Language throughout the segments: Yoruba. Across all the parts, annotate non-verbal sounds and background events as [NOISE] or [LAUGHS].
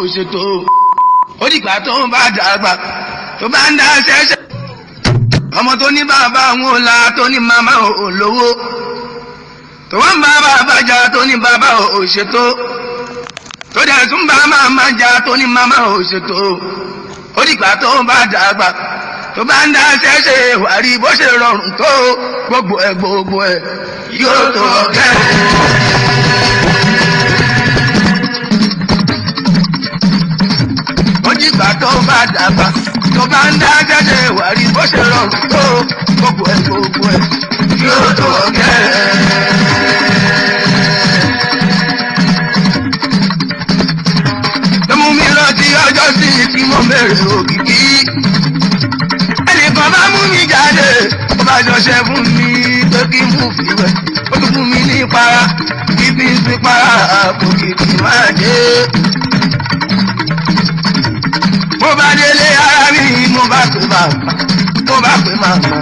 ò ṣètò ó dìgbà tó ń bá dàgbà tó bá ń dá ṣẹ́ṣẹ́. ọmọ tó ní bàbá àwọn ọ̀la tó ní màmá olówó tó wọ́n bá bàbá jà tó ní bàbá ò ṣètò tó dẹ̀ tún bá màmá jà tó ní màmá ò ṣètò ó dìgbà tó ń bá dàgbà tó bá ń dá ṣẹ́ṣẹ́ wàrí bó ṣe rọrùn tó gbogbo ẹ̀ gbogbo ẹ̀ yóò tó kẹ́rù. dìgbà tó bá dàgbà tó bá ń dájọ́ ṣe wà rí bó ṣe rọrùn tó gbogbo ẹ̀ gbogbo ẹ̀ yóò tó ọ̀gẹ́. Ẹmu mi rántí ọjọ́ sí tí mo bẹ̀rẹ̀ òkìkí. Ẹnìkan bá mú mi jáde, ó bá jọṣẹ́ fún mi pé kí n mú fi Ó tún fún mi ní para, ibi ń fi para, kò kìkì máa dé. mo bá pè máa gbà mo bá pè máa gbà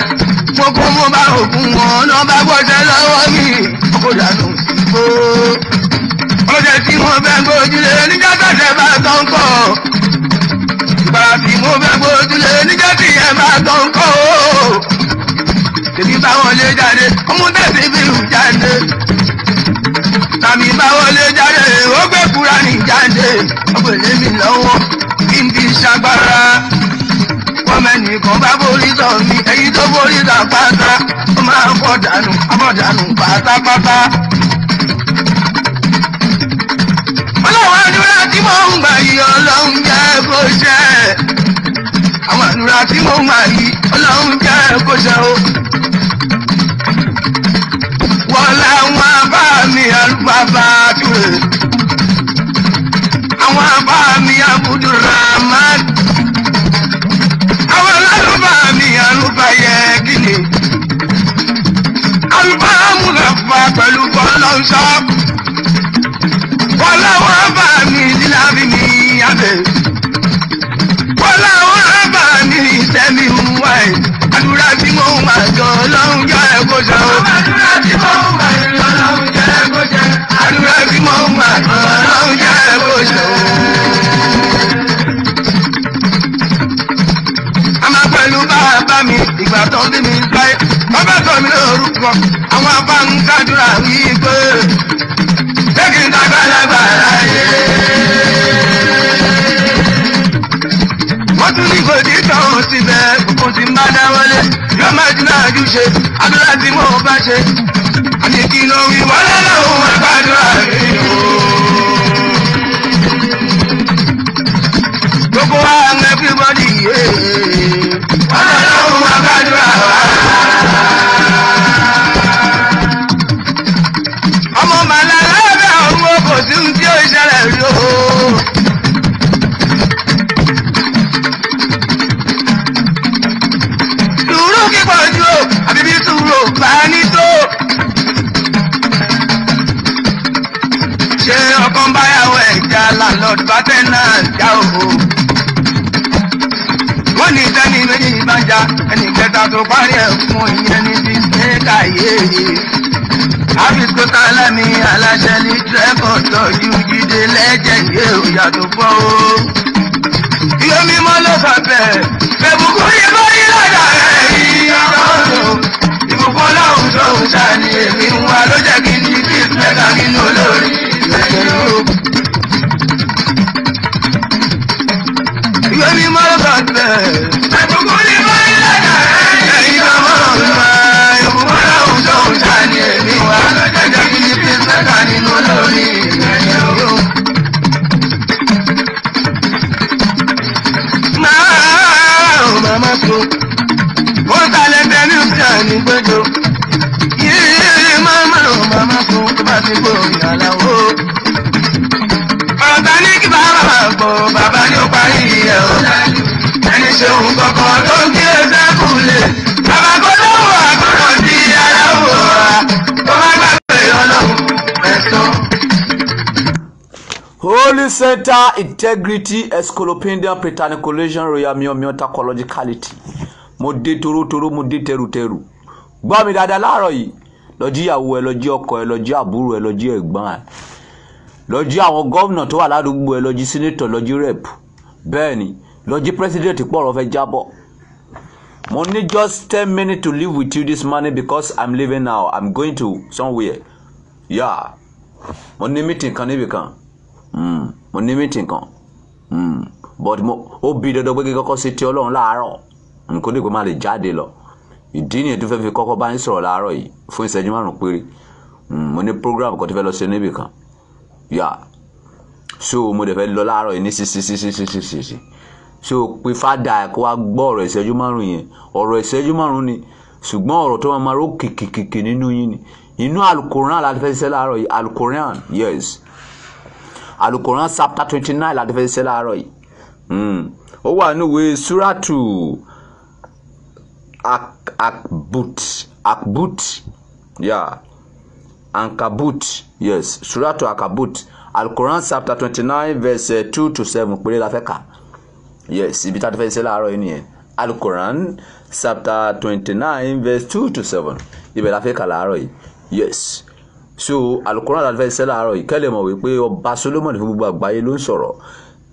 gbogbo mo bá ògùn wọn náà bá gbọ́dọ̀ lọ́wọ́ mi kó dànù síbò. ọlọ́jà tí mo fẹ́ gbójúlé níjà tẹ̀sẹ̀ bá tọ́ ń kọ́ ìgbà tí mo fẹ́ gbójúlé níjà tìyẹ̀ bá tọ́ ń kọ́ tèmi báwọn lé jáde ọmọ tẹ̀sí fi hù jáde tàbí báwọn lé jáde ó gbé kúránì jáde ọgbẹ̀lẹ́mi lọ́wọ́ kí n fi ṣagbára kọ́mẹ́nì kan bá borí tọ̀ mí èyí tó borí tà pátá ó máa fọ́ dànù àbọ̀ dànù pátápátá. ọlọ́run àdúrà tí mò ń gbà yìí ọlọ́run jẹ́ kó ṣẹ. àwọn àdúrà tí mò ń gbà yìí ọlọ́run jẹ́ kó ṣẹ o. wọ́n láwọn bá mi àlùbáfà túre. Hausa. Wọ́lá wọn bá mi lílábí ní abẹ. Wọ́lá wọn bá mi sẹ́mi wá ẹ̀. E. Àdúrà tí mo máa jọ lọ́hùn jọ ẹ̀ kó ìgbà tó bí mi bọ̀ àwọn abá ń kádùrà wípé kékin dàgbàlagbà láyé. wọ́n tún ní kò ní tán ó ti bẹ̀ kò sí má dáwọ́lé yóò má ti náà jù ṣe àdúrà tí mo bá ṣe àti kí ló wí wọlé lòun àgbàdúrà rí o. gbogbo wa ń everybody yé wọlé lòun àgbàdúrà wá. kọjá ẹnì kẹta tó parí ẹ̀ fún ìyẹn ní bísíkà yéèyé. àbíkó sálámì aláṣẹ ní tẹ́kọ̀ tọ́jú jíde lẹ́jẹ̀ yé òyà tó fọ́ o. iye mímọ́ ló fà bẹ́ẹ̀ bẹ̀bùkún yìí bá rí lọ́dà rẹ̀ yìí ọlọ́run ìbùkún ọlọ́run tó ń sá èmi ń ló jẹ́ kí n ní bísíkà kí n olórí ìrẹ̀lẹ̀ o. Center Integrity Escolopendian Pretanicolation Royal Miomio Tacologicality. Mo dé torotoro, mo dé tẹrutẹru. Gbọ́ mi dáadáa láàárọ̀ yìí. Lọ́jí ìyàwó ẹ, lọ́jí ọkọ ẹ, lọ́jí àbúrò ẹ, lọ́jí ẹ̀gbọ́n ẹ. Lọ́jí àwọn gómìnà tó wà ládùúgbò ẹ, lọ́jí sínétọ̀, lọ́jí rep. Bẹ́ẹ̀ni, lọ́jí pírẹ́sídẹ̀ntì pọ̀rọ̀ fẹ́ jábọ̀. Mo ní just ten minutes to live with you this morning because I'm leaving now. I'm going to somewhere. Yeah. Mo ní meeting kan níbì kan. Hmm. mo ní mítìn kan hmm. but mo ó bí dandan pé kí kọ́kọ́ sí ti ọlọ́run láàárọ̀ nǹkan nígbà má lè jáde lọ ìdí nìyẹn tó fẹ́ fi kọ́kọ́ bá ń sọ̀rọ̀ láàárọ̀ yìí fún ìṣẹ́jú márùn-ún péré hmm. mo ní program kan tó fẹ́ lọ ṣe níbì kan yà so mo dẹ̀ fẹ́ lọ láàárọ̀ yìí ní sísísísísísísí so pé fada kó wa gbọ́ ọ̀rọ̀ ìṣẹ́jú márùn-ún yẹn ọ̀rọ̀ ìṣẹ́jú márùn-ún ni ṣùgbọ́n ọ̀rọ̀ tó máa ma ró kìkìkìkì nínú yín ni inú alukoran láti fẹ́ ṣiṣẹ́ láàárọ̀ yìí alukoran yes alukoran chapter twenty nine láti fẹ́ ṣe láàárọ̀ yìí hmm. ó wà ní ìwé suratu akbut akbut yeah ankabut yes suratu akabut alukoran chapter twenty nine verse two to seven péré la fẹ́ kà yes ibi tá a ti fẹ́ ṣe láàárọ̀ alukoran chapter twenty nine verse two to seven ibẹ̀ la fẹ́ kà láàárọ̀ yìí yes so alukoran alifẹ sẹlẹ àárọ̀ yìí kẹlẹ mọ̀ wípé ọba solomoni fún gbogbo àgbáyé ló ń sọ̀rọ̀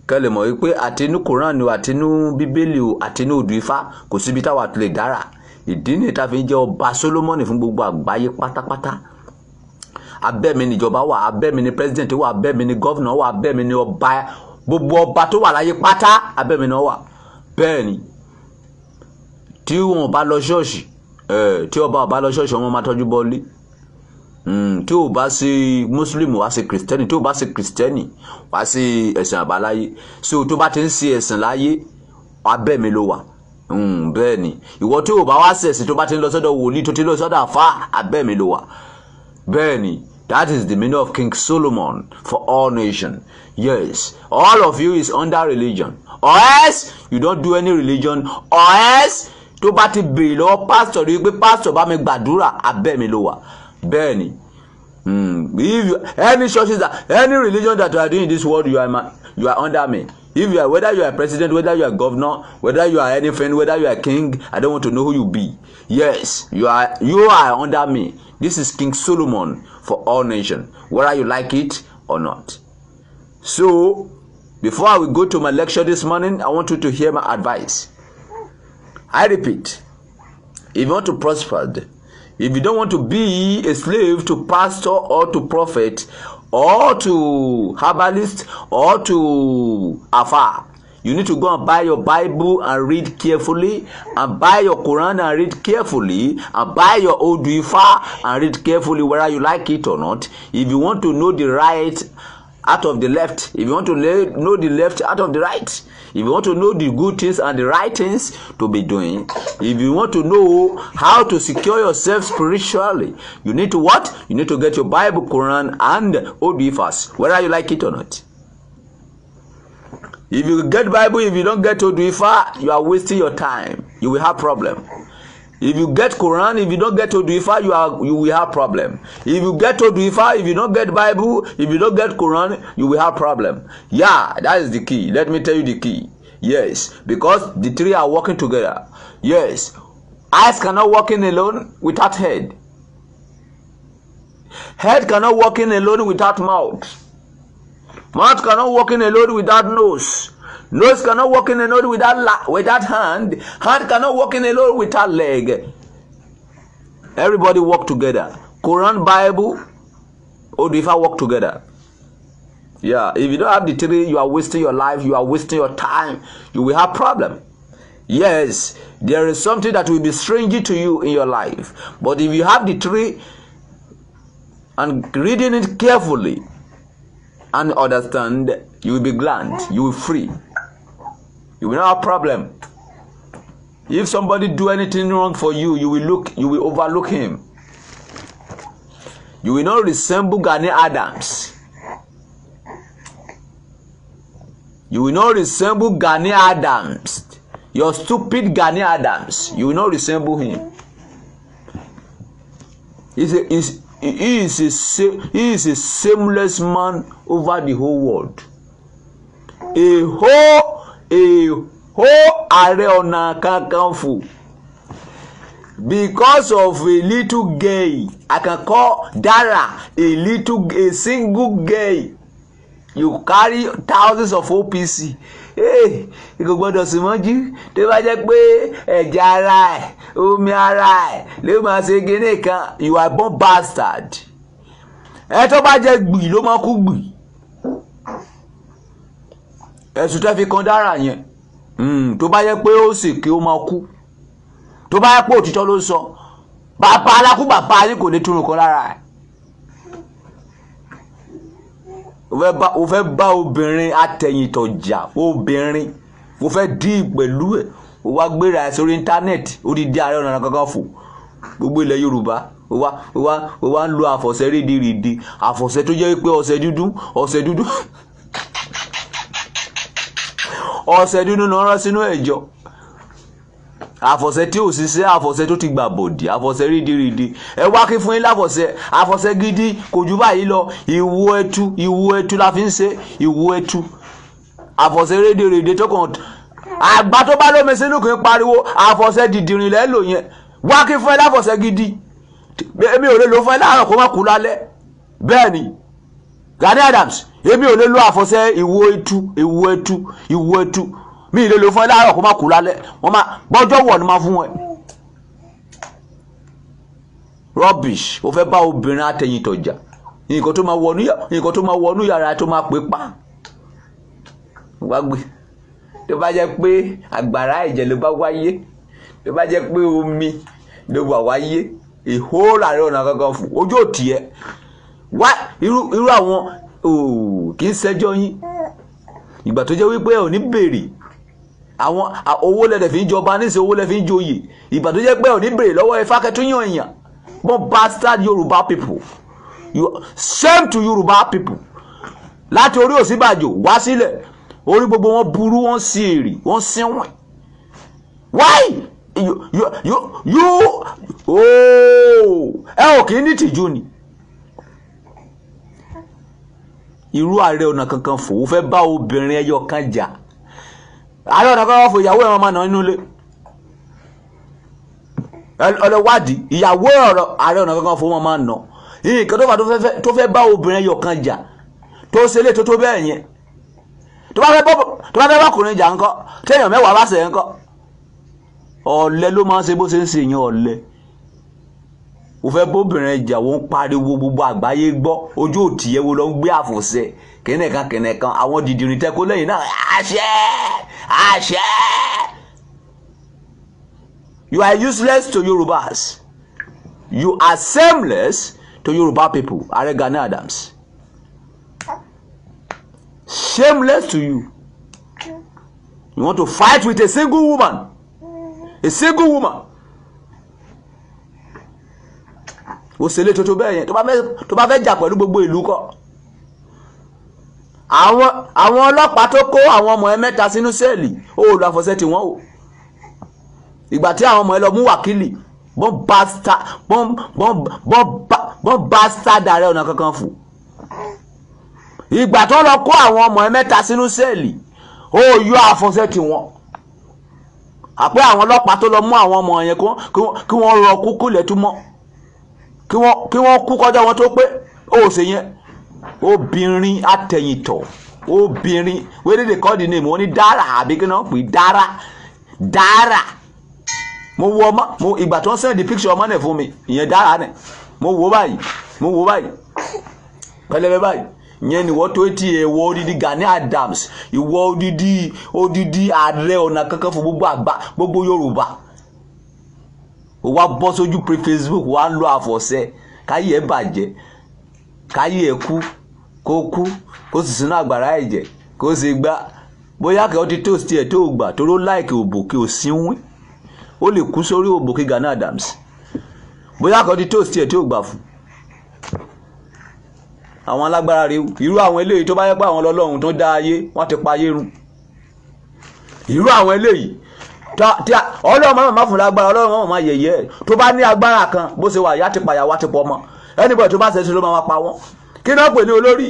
kẹlẹ mọ̀ wípé àtinú koran o àtinú bíbélì o àtinú odù ifá kò síbi táwa tó lè dára ìdí nìyí tá a fi ń jẹ́ ọba solomoni fún gbogbo àgbáyé pátápátá abẹ́ mi níjọba wà abẹ́ mi ní pírẹsidẹ̀ntì wà abẹ́ mi ní gọ́vnà wà abẹ́ mi ní ọba gbogbo ọba tó wà láyé pátá abẹ́ mi náà wà bẹ́ẹ̀ ni tí wọn bá lọ ṣọ́ọ̀ṣì eh, tí ọba ọba lọ ṣọ́ọ̀ṣì wọn máa tọ́jú bọ́ọ̀lì Hmm, tí o bá ṣe muslim wá ṣe kristẹni tí o bá ṣe kristẹni wá ṣe ẹ̀sìn àbáláyé so tó bá ti ń ṣe ẹ̀sìn láyé abẹ́ mi ló wà hmm, bẹ́ẹ̀ ni ìwọ tí o bá wá ṣẹ̀sìn tó bá ti ń lọ sọ́dọ̀ wòlíì tó ti lọ sọ́dọ̀ àfa abẹ́ mi ló wà bẹ́ẹ̀ ni that is the meaning of King Solomon for all nations yes all of you is under religion or else you don't do any religion or else tó bá ti béèrè lọ́wọ́ pásítọ̀ rí i pé pásítọ̀ bá mi gbàdúrà abẹ́ mi ló wà bẹ́ẹ̀ ni hmm, if you, any churches that any religion that you are doing in this world you are my, you are under me if you are whether you are president whether you are governor whether you are anything whether you are king i don't want to know who you be yes you are you are under me this is king solomon for all nations whether you like it or not so before i will go to my lecture this morning i want you to hear my advice i repeat if you want to prosper If you don't want to be a slave to pastor or to prophet or to herbalist or to Afar, you need to go and buy your Bible and read carefully, and buy your Quran and read carefully, and buy your Odu Ifa and read carefully whether you like it or not. If you want to know the right out of the left, if you want to know the left out of the right, if you want to know the good things and the right things to be doing, if you want to know how to secure yourself spiritually, you need to what? You need to get your Bible, Quran, and OB fast, whether you like it or not. If you get Bible, if you don't get Odifa, you are wasting your time. You will have problem if you get quran if you don't get oduifa you are you will have problem if you get oduifa if you don't get bible if you don't get quran you will have problem yeah that is the key let me tell you the key yes because the three are working together yes eyes cannot work in alone without head head cannot work in alone without mouth mouth cannot work in alone without nose Nose cannot walk in alone without la- without hand. Hand cannot walk in alone without leg. Everybody walk together. Quran, Bible, or do if I walk together? Yeah, if you don't have the three, you are wasting your life, you are wasting your time, you will have problem. Yes, there is something that will be strange to you in your life. But if you have the three and reading it carefully and understand, you will be glad, you will free. You will not have problem. If somebody do anything wrong for you, you will look, you will overlook him. You will not resemble Gani Adams. You will not resemble Gani Adams. Your stupid Gani Adams. You will not resemble him. He's a, he is a he is a shameless man over the whole world. A whole a eh, whole Ààrẹ Ọ̀nà Kakanfò because of a little girl I can call Dara a little a single girl you carry thousands of OPC eh, kò gbọ́dọ̀ sùn mọ́jú tó bá jẹ́ pé ara ẹ̀ e, omi ara ẹ̀ e, ló máa ṣe gíní you are born bastard ẹ tó bá jẹ́ gbì ló ẹ̀sùn tẹ́ fi kan dára yẹn hmm, tó bá yẹ pé ó sì kí ó máa kú tó bá yẹ pé òtítọ́ ló sọ bàbá alákú bàbá yín kò ní túnú kan lára ẹ̀ o fẹ́ bá obìnrin atẹ̀yìntọ̀jà obìnrin o fẹ́ dí pẹ̀lú ẹ̀ o wá gbéra ẹ̀ sórí íńtánẹ́ẹ̀tì ó di dí Ààrẹ Ọ̀nà Kakanfò gbogbo ilẹ̀ Yorùbá o wá o wá o wá ń lo àfọ̀ṣẹ́ rídìrídì àfọ̀ṣẹ́ tó jẹ́ pé ọ̀ṣẹ́ dúdú ọ̀ṣẹ́ dúdú ọ̀sẹ̀ dúdú náà rán sínú ẹ̀jọ́ àfọ̀sẹ̀ tí ò ṣiṣẹ́ àfọ̀sẹ̀ tó ti gbà bòdì àfọ̀sẹ̀ rídìrídì ẹ wá kí fún yín láfọ̀sẹ̀ àfọ̀sẹ̀ gidi kò jù báyìí lọ ìwo ẹtu ìwo ẹtu la fi ń ṣe ìwo ẹtu àfọ̀sẹ̀ rídìrídì tó kàn àgbà tó bá lómi sínú kì í pariwo àfọ̀sẹ̀ dìdìrín lẹ́lò yẹn wá kí fún yín láfọ̀sẹ̀ gidi èmi ò lè lò fún yín láàárọ̀ kó má kú lálẹ́ bẹ́ẹ̀ ni Gani Adams èmi ò lè lo àfọ̀ṣẹ ìwo etu ìwo etu ìwo etu mi ì lè lo fún ẹ láàárọ̀ kó má kú lálẹ́ wọ́n má bọ́jọ́ wọ̀ ni má fún ẹ. rubbish o fẹ́ bá obìnrin atẹ̀yìntọ̀ jà nǹkan tó máa wọnú nǹkan tó máa wọnú yàrá tó máa pè pa wá gbé tó bá jẹ́ pé àgbàrá ẹ̀jẹ̀ ló bá wáyé tó bá jẹ́ pé omi ló wà wáyé ìhó làárẹ̀ kankan fún ojú òtí ẹ wá irú àwọn kì í ṣẹjọ́ yín ìgbà tó jẹ́ wípé ẹ ò ní béèrè àwọn owó lẹ́dẹ̀ fi ń jọba níṣẹ́ owó lẹ́dẹ̀ fi ń joyè ìgbà tó jẹ́ pé ẹ ò ní béèrè lọ́wọ́ ifá kẹtúyàn èèyàn wọ́n bastard Yorùbá people same to Yorùbá people láti orí Ọ̀ṣínbàjò wá sílẹ̀ orí gbogbo wọn burú wọn sí èrè wọn sínwìn why you you you you ooo oh, ẹ ò kì í ní tìjú ni. irú ààrẹ ọ̀nà kankan fò ó fẹ́ bá obìnrin ẹyọ kan jà ààrẹ ọ̀nà kankan fò ìyàwó ẹ̀ wọn máa nà nínú ilé ọlọ́wádìí ìyàwó ọ̀rọ̀ ààrẹ ọ̀nà kankan fò ó máa nà nǹkan tó fà tó fẹ́ bá obìnrin ẹyọ kan jà tó ṣe lè tó tó bẹ́ẹ̀ yẹn tó bá fẹ́ bọ́kùnrin jà ńkọ́ téèyàn mẹ́wàá bá ṣe ńkọ́ ọ̀lẹ ló máa ń ṣe bó ṣe ń ṣe yẹn ọ̀lẹ o fẹ́ bóbìnrin jà wọ́n pariwo gbogbo àgbáyé gbọ́ ojú òtí yẹ wo ń gbé àfòsẹ kẹnẹkan kẹnẹkan àwọn dìdìrín tẹkọ lẹ́yìn náà àṣẹ àṣẹ you are useless to Yorubas you are shameless to Yoruba people Ààrẹ Adams shameless to you you want to fight with a single woman a single woman òṣèlè tó tó bẹ́ẹ̀ yẹn tó bá fẹ́ jà pẹ̀lú gbogbo ìlú kọ́ àwọn àwọn ọlọ́pàá tó kó àwọn ọmọ ẹ mẹ́ta sínú sẹ́ẹ̀lì ó lọ àfọ̀ṣẹ́ tí wọ́n o ìgbà tí àwọn ọmọ ẹ lọ mú wákìlì bọ́n bá sta bọ́n bọ́n bọ́n bọ́n bá sta dàrẹ́ ọ̀nà kankan fún ìgbà tó lọ kó àwọn ọmọ ẹ mẹ́ta sínú sẹ́ẹ̀lì ó yọ àfọ̀ṣẹ́ tí wọ́n àpé àwọn ọlọ́pàá tó lọ mú àwọn ọmọ yẹn kí wọ́n rọ kúkú lẹ́tú kí wọ́n kú kọjá wọn tó pé ó ṣe yẹn obìnrin atẹ̀yìntọ̀ obìnrin wẹ́rẹ́ lè kọ́ di ní ìmọ̀ ní dára àbí kí wọ́n pè dára dára mo wo ọmọ mo ìgbà tó ń sẹ́ndì picture ọmọ náà fún mi ìyẹn dára náà mo wo báyìí mo wo báyìí pẹlẹbẹ báyìí ìyẹn ni wọ́n tó ti ẹ̀wọ́ odidi Gani Adams ìwọ́ odidi odidi ààrẹ ọ̀nà kankan fún gbogbo àgbà gbogbo Yorùbá o wá bọ́ sójú pé Facebook wá ń lọ àfọ̀sẹ́ káyé ẹ̀ bàjẹ́ káyé ẹ̀ kú kó kú kó sì sínú àgbàrá ẹ̀jẹ̀ kó sì gbá bóyá kẹ́họ́ ti tó tiẹ̀ tó gbà tó ló láìkè òbò kí ò síwín o lè kú sórí òbò kí Gani Adams bóyá kẹ́họ́ ti tó tiẹ̀ tó gbà fún àwọn alágbára rèé irú àwọn eléyìí tó bá yẹ pé àwọn ọlọ́run tó dá ayé wọ́n ti pa ayé run irú àwọn eléyìí ọlọ́run máa má fún lágbára ọlọ́run máa má yẹ̀yẹ́ tó bá ní agbára kan bó ṣe wà ìyá ti pàyàwó àti pọ̀ ọmọ anybody tó bá ṣe é ṣe ló máa pa wọ́n kí náà pè ní olórí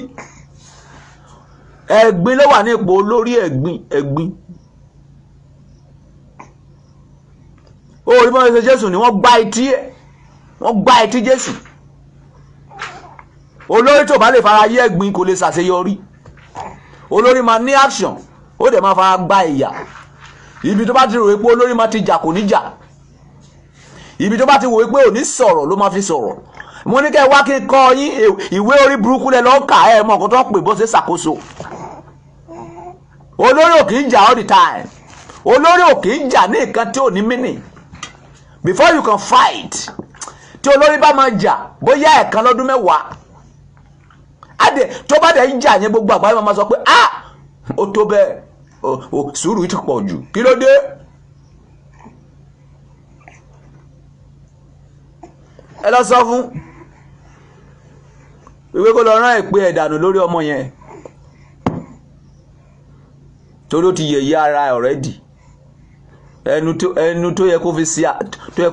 ẹ̀gbin ló wà ní ipò olórí ẹ̀gbin ẹ̀gbin orí mọ́ ẹsẹ̀ jésù ni wọ́n gbá etí ẹ̀ wọ́n gbá etí jésù olórí tó bá lè fara yé ẹ̀gbin kò lè ṣàṣeyọrí olórí máa ní action ó dẹ̀ máa fara gba ìyà ibi tó bá ti rò wípé olórí máa ti jà kò ní jà ibi tó bá ti wò wípé ò ní sọ̀rọ̀ ló máa fi sọ̀rọ̀ mo ní kẹ́ ẹ wá kí n kọ́ yín ìwé orí burúkú lẹ lọ́ọ́ kà ẹ mọ̀ nǹkan tó ń pè bó ṣe ṣàkóso olórí ò kì í jà all the time olórí ò kì í jà ní nǹkan tí ò ní mínì before you can fight tí olórí bá máa jà bóyá ẹ̀kan lọ́dún mẹ́wàá adé tó bá dẹ̀ ń jà yẹn gbogbo àgbáyé máa sọ pé ah ó tó bẹ́ẹ̀ sùúrù ti pọ̀ jù kí ló dé. ẹ lọ sọ fún wípé kó lọ rán ìpè ẹ̀dànù lórí ọmọ yẹn torí ó ti yẹ̀yẹ́ ara already ẹnu tó yẹ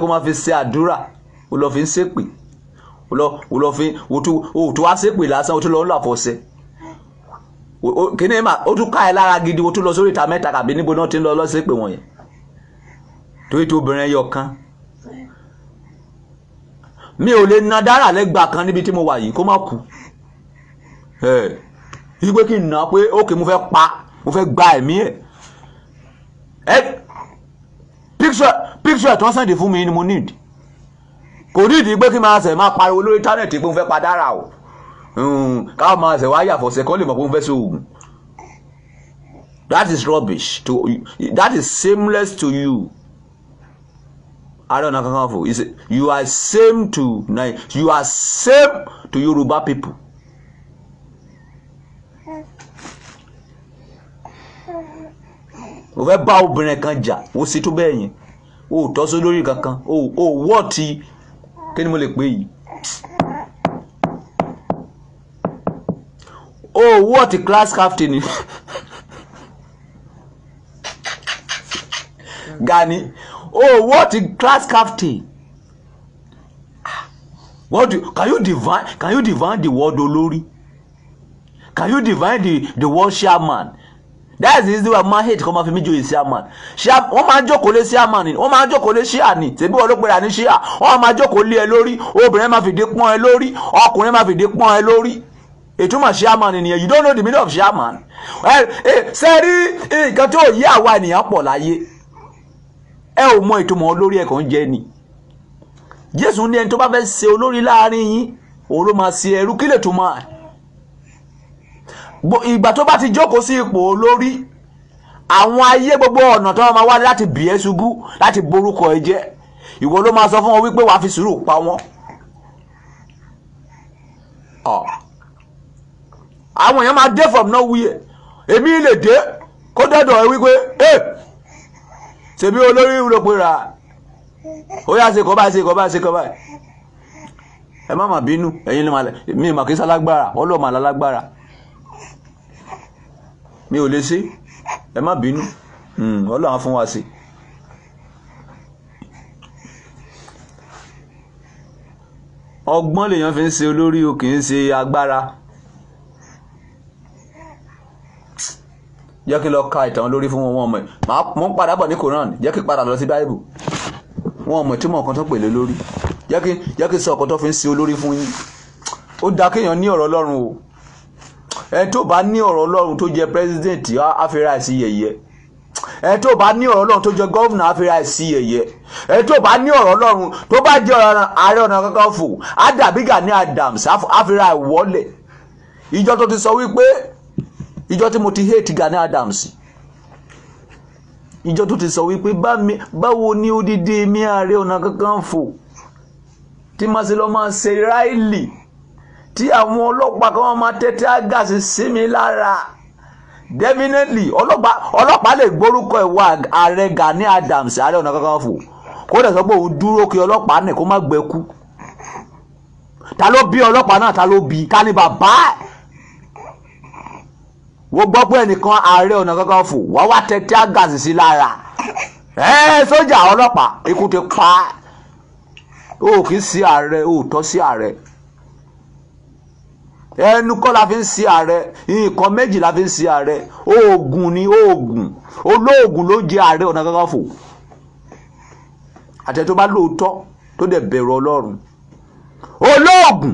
kó máa fi ṣe àdúrà ó lọ fi ń ṣépè ó lọ fi ó tó wá ṣépè lásán ó tó lọ ń lọ àfọ̀ṣẹ́ kíní mà ó tún ká ẹ lára gidi o tún lọ sórí ìta mẹ́ta tàbí níbo náà ti ń lọ lọ́sẹ̀ pé wọ̀nyẹn torí tó obìnrin yọ kan mi ò lè na dára lẹ́gbà kan níbi tí mo wà yìí kó má kú yí pé kí n nà pé ókè mo fẹ́ pa mo fẹ́ gba ẹ̀mí ẹ̀ picture tó ń sẹ̀dí fún mi ni mo need kò nídìí pé kí n máa sẹ̀ máa pariwo lórí tánẹ̀tì pé mo fẹ́ pa dára o. Hmm, káwọn máa ṣẹ̀ wá yàfọ̀ṣẹ̀ kọ́ lè mọ̀ pé fẹ́ ṣe that is rubbish to that is shameless to you Ààrẹ Ọ̀nà Kakanfò he say you are same to you are same to Yoruba people o fẹ́ bá obìnrin kan jà o sì tún bẹ́ẹ̀ yẹn o tọ́sọ lórí kankan o wọ́ọ̀tì kí ni mo lè pè yìí oh what a class captain Gani oh what a class captain what do, can you divine can you divine the word olori? can you divine the the word chairman that's the reason why man hate come out fún mi joyè chairman wọ́n máa ń jókòó lé chairman ni wọ́n máa ń jókòó lé ṣíà ni tèmi wọ́n ló pera ní ṣíà wọ́n máa jókòó lé ẹ lórí obìnrin máa fìdí pọ́n ẹ lórí ọkùnrin máa fìdí pọ́n ẹ lórí ìtumọ̀ ṣíàmán nìyẹn you don't know the meaning of ṣíàmán eh, ṣe rí eh, nǹkan tó yí àwa ènìyàn pọ̀ láyé ẹ ò mọ ìtumọ̀ olórí ẹ̀kọ́ ń jẹ ni jésù ní ẹni tó bá fẹ́ ṣe olórí láàrin yín òun ló máa ṣe ẹrú kí lè tó máa ìgbà tó bá ti jókòó sí ipò olórí àwọn ayé gbogbo ọ̀nà tó máa wá láti bì ẹ́ ṣubú láti borúkọ ẹ jẹ́ ìwọ ló máa sọ fún wọn wípé wàá fi sùúrù pa wọn. Oh àwọn èèyàn máa dé from nowhere èmi lè dé kó dọ́dọ̀ ẹ wípé ẹ ṣèbí olórí ló pe ra ó yà ṣe kọ́ báyìí ṣe kọ́ báyìí ṣe kọ́ báyìí ẹ má mà bínú ẹ̀yin mi mà kí sálágbára ọlọ́mà lálágbára mi ò lè ṣe ẹ má bínú hmm, ọlọ́run fún wa sí. ọgbọ́n lèèyàn fi ń ṣe olórí o kì í ṣe agbára. jẹ́ kí lọ ka ìtàn lórí fún wọn ọmọ ẹ̀ mò ń padà bọ̀ ní koran jẹ́ kí padà lọ sí báìbù wọn ọmọ ìtumọ̀ nǹkan tó pè lé lórí jẹ́ kí jẹ́ kí sọ ọkọ̀ tó fi ń ṣe olórí fún yín ó dáa kéèyàn ní ọ̀rọ̀ ọlọ́run o ẹni tó bá ní ọ̀rọ̀ ọlọ́run tó jẹ pírẹsidẹ̀ntì àfẹ́rẹ́ àìsí yẹ̀yẹ́ ẹni tó bá ní ọ̀rọ̀ ọlọ́run tó jẹ gọ́vùnà àfẹ́rẹ́ àìsí yẹ̀yẹ́ ẹni tó bá ní ọ̀rọ̀ ọlọ́run tó bá jẹ ààrẹ ọ̀nà kakanfò àdàbígà ní Adams àfẹ́rẹ́ àìwọlẹ̀ ìjọ tó ti sọ wípé ìjọ tí mo ti hate Gani Adams ìjọ tó ti sọ wípé báwo ni odidi mi Ààrẹ Ọ̀nà Kakanfò tí màá ṣe lọ́ máa ṣe ráìlì tí àwọn ọlọ́pàá kan máa tẹ́tẹ́ àgàsì sí mi lára definitely ọlọ́pàá lè gbórúkọ ìwà ààrẹ Gani Adams Ààrẹ Ọ̀nà Kakanfò kó dẹ̀ sọ pé òun dúró kí ọlọ́pàá nì kó má gbẹ́kú ta ló bí ọlọ́pàá náà ta ló bí ta ni bàbá ẹ̀ wọ́n gbọ́ pé ẹnìkan ààrẹ ọ̀nà kakanfò wọ́n wá tẹ tí a gàzì sí lára ẹ sójà ọlọ́pàá ikú ti pa ó kì í sí ààrẹ ó tọ́ sí ààrẹ ẹnu kọ́ la fi ń sí ààrẹ nǹkan méjì la fi ń sí ààrẹ oògùn ni oògùn olóògùn ló jẹ ààrẹ ọ̀nà kakanfò àtẹ tó bá lóòótọ́ tó dẹ̀ bẹ̀rù ọlọ́run olóògùn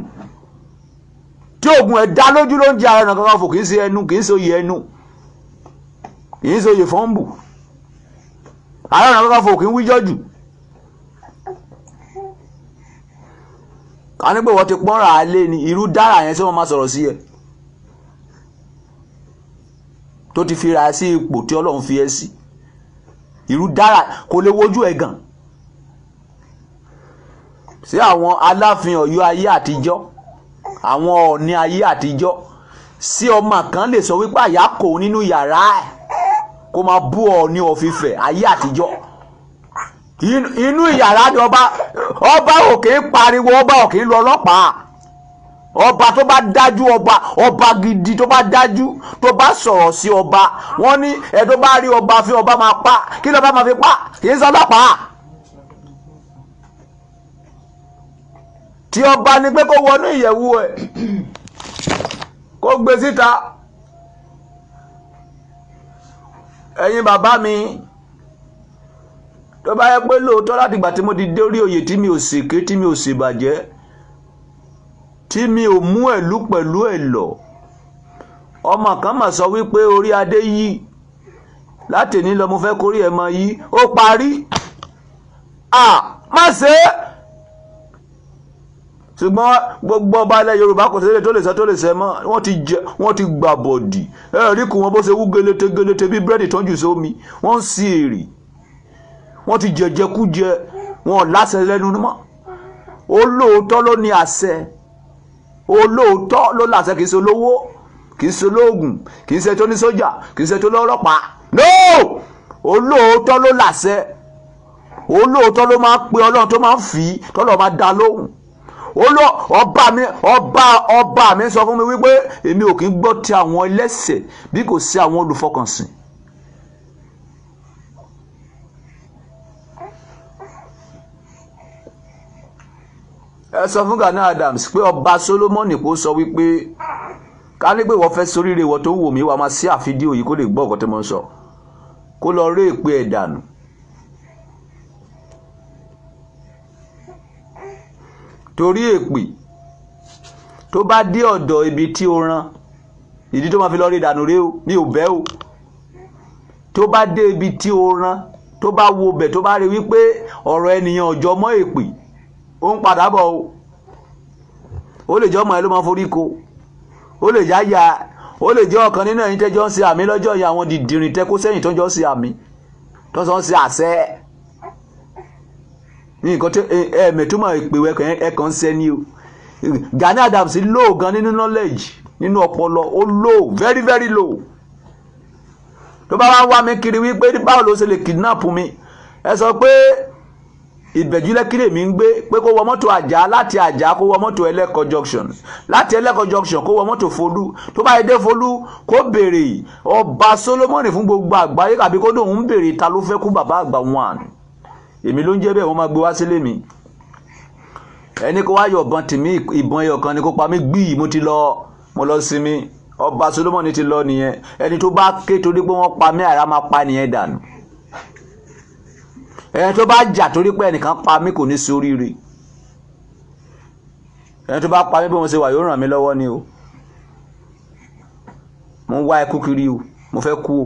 tí oògùn ẹ̀ dá lójú ló ń jẹ ara nǹkan kan fò kì í ṣe ẹnu kì í ṣe oyè ẹnu kì í ṣe oyè fọ́ǹbù ara nǹkan kan fò kì wíjọ́ jù ká ní wọ́n ti pọ́nra alé ni irú dára yẹn tí wọ́n máa sọ̀rọ̀ sí ẹ tó ti fira sí ipò tí Ọlọ́run fi ẹ sí irú dára kò lè wojú ẹ̀ gan sí àwọn aláàfin Ọ̀yọ́ ayé àtijọ́ àwọn ọ̀ọ̀ni ayé àtijọ́ sí ọmọ kan lè sọ wípé àyà kò nínú yàrá ẹ̀ kó máa bú ọ̀ọ̀ni ọ̀fìfẹ̀ ayé àtijọ́ inú yàrá ni ọba ọba òkè pariwo ọba òkè lu ọlọ́pàá ọba tó bá dájú ọba ọba gidi tó bá dájú tó bá sọ̀rọ̀ sí ọba wọ́n ní ẹ̀ tó bá rí ọba fi ọba máa pa kí lọ́ba máa fi pa kì í sọ ọlọ́pàá. tí ọba ni pé kó wọnú ìyẹ̀wù ẹ̀ kó gbé síta ẹ̀yin bàbá mi tó bá yẹ pé lóòótọ́ láti ìgbà tí mo ti dé orí oyè tí mi ò sì ké tí mi ò sì bàjẹ́ tí mi ò mú ẹ̀lú pẹ̀lú ẹ̀lọ́ ọmọ kan mà sọ wípé orí adé yí láti ní lọ mo fẹ́ kórí ẹ̀ mọ yí ó parí à má ṣe é ṣùgbọ́n gbogbo ọba ilẹ̀ Yorùbá kò sílẹ̀ tó lè sẹ́ tó lè sẹ́ mọ́ wọ́n ti jẹ wọ́n ti gbà bọ̀dì ẹ rí kù wọn bó ṣe wú gelete gelete bí búrẹ́dì tó ń jù sómi wọ́n ń sí èrè wọ́n ti jẹjẹkújẹ wọn láṣẹ lẹ́nu mọ́ olóòótọ́ ló ní àṣẹ olóòótọ́ ló láṣẹ kì í ṣe olówó kì í ṣe olóògùn kì í ṣe tó ní sójà kì í ṣe tó lọ́rọ̀pàá no olóòótọ́ ló láṣẹ olóòótọ́ ló máa ń pe Ọlọ́run tó máa ń fì í tọ́lọ́ máa dá lóhùn olú ọba mi ọba ọba mi sọ fún mi wípé èmi ò kì í gbọ́ ti àwọn ẹlẹ́ṣẹ̀ bí kò sí àwọn olùfọkànsìn. ẹ sọ fún Gani Adams pé ọba Solomoni kò sọ wípé ká ní pé wọ́n fẹ́ soríire wọ́n tó wò mí wàá máa sí àfidíò yìí kó lè gbọ́ ọ̀gọ́tẹ́mọ̀ sọ kó lọ rí èpè ẹ̀ dànù. torí èpè tó bá dé ọ̀dọ̀ ibi tí o ran ìdí tó máa fi lọ rí ìdànù rẹ o mi ò bẹ́ o tó bá dé ibi tí o ran tó bá wo bẹ̀ tó bá rí wípé ọ̀rọ̀ ènìyàn ọ̀jọ́ mọ́ èpè ó ń padà bọ̀ o ó lè jẹ́ ọmọ ẹ ló máa forí ko ó lè já ó lè jẹ́ ọ̀kan nínú ẹ̀yin tẹ́jọ́ ń ṣe àmì lọ́jọ́ yẹn àwọn dìdìrìn tẹ́kọ́ sẹ́yìn tó ń jọ́ ṣe àmì tó ń ṣe àṣẹ nǹkan tó ẹ mẹ̀túmọ̀ ìpèwé ẹ̀kan ń sẹ́ni o Gani Adams low gan nínú knowledge nínú ọpọlọ ó low very very low tó bá wá ń wá mi kiri wípé báwo ló ṣe lè kidnap mi ẹ sọ pé ìbẹ̀júlẹ́kìrè mi ń gbé pé kó wọ mọ́tò àjà láti àjà kó wọ mọ́tò ẹlẹ́kọ̀ọ́ junction láti ẹlẹ́kọ̀ọ́ junction kó wọ mọ́tò folú tó bá yẹ dé folú kó béèrè ọba Solomoni fún gbogbo àgbáyé àbí kó dóun ń béèrè ta ló fẹ́ kú bàbá àgbà one èmi ló ń jẹ́ bẹ́ẹ̀ wọ́n máa gbé wá sílé mi ẹni kó wá yọ ọ̀bọ̀n tì mí ìbọn ẹyọ kan ni kó pa mí gbìyì mo ti lọ mo lọ sinmi ọba Solomoni ti lọ nìyẹn ẹni tó bá ké torí pé wọ́n pa mí àrà máa pa nìyẹn dànù ẹni tó bá jà torí pé ẹnìkan pa mí kò ní soríire ẹni tó bá pa mí bí mo ṣe wà yóò ràn mí lọ́wọ́ ni o mo ń wá ikú kiri o mo fẹ́ kú o.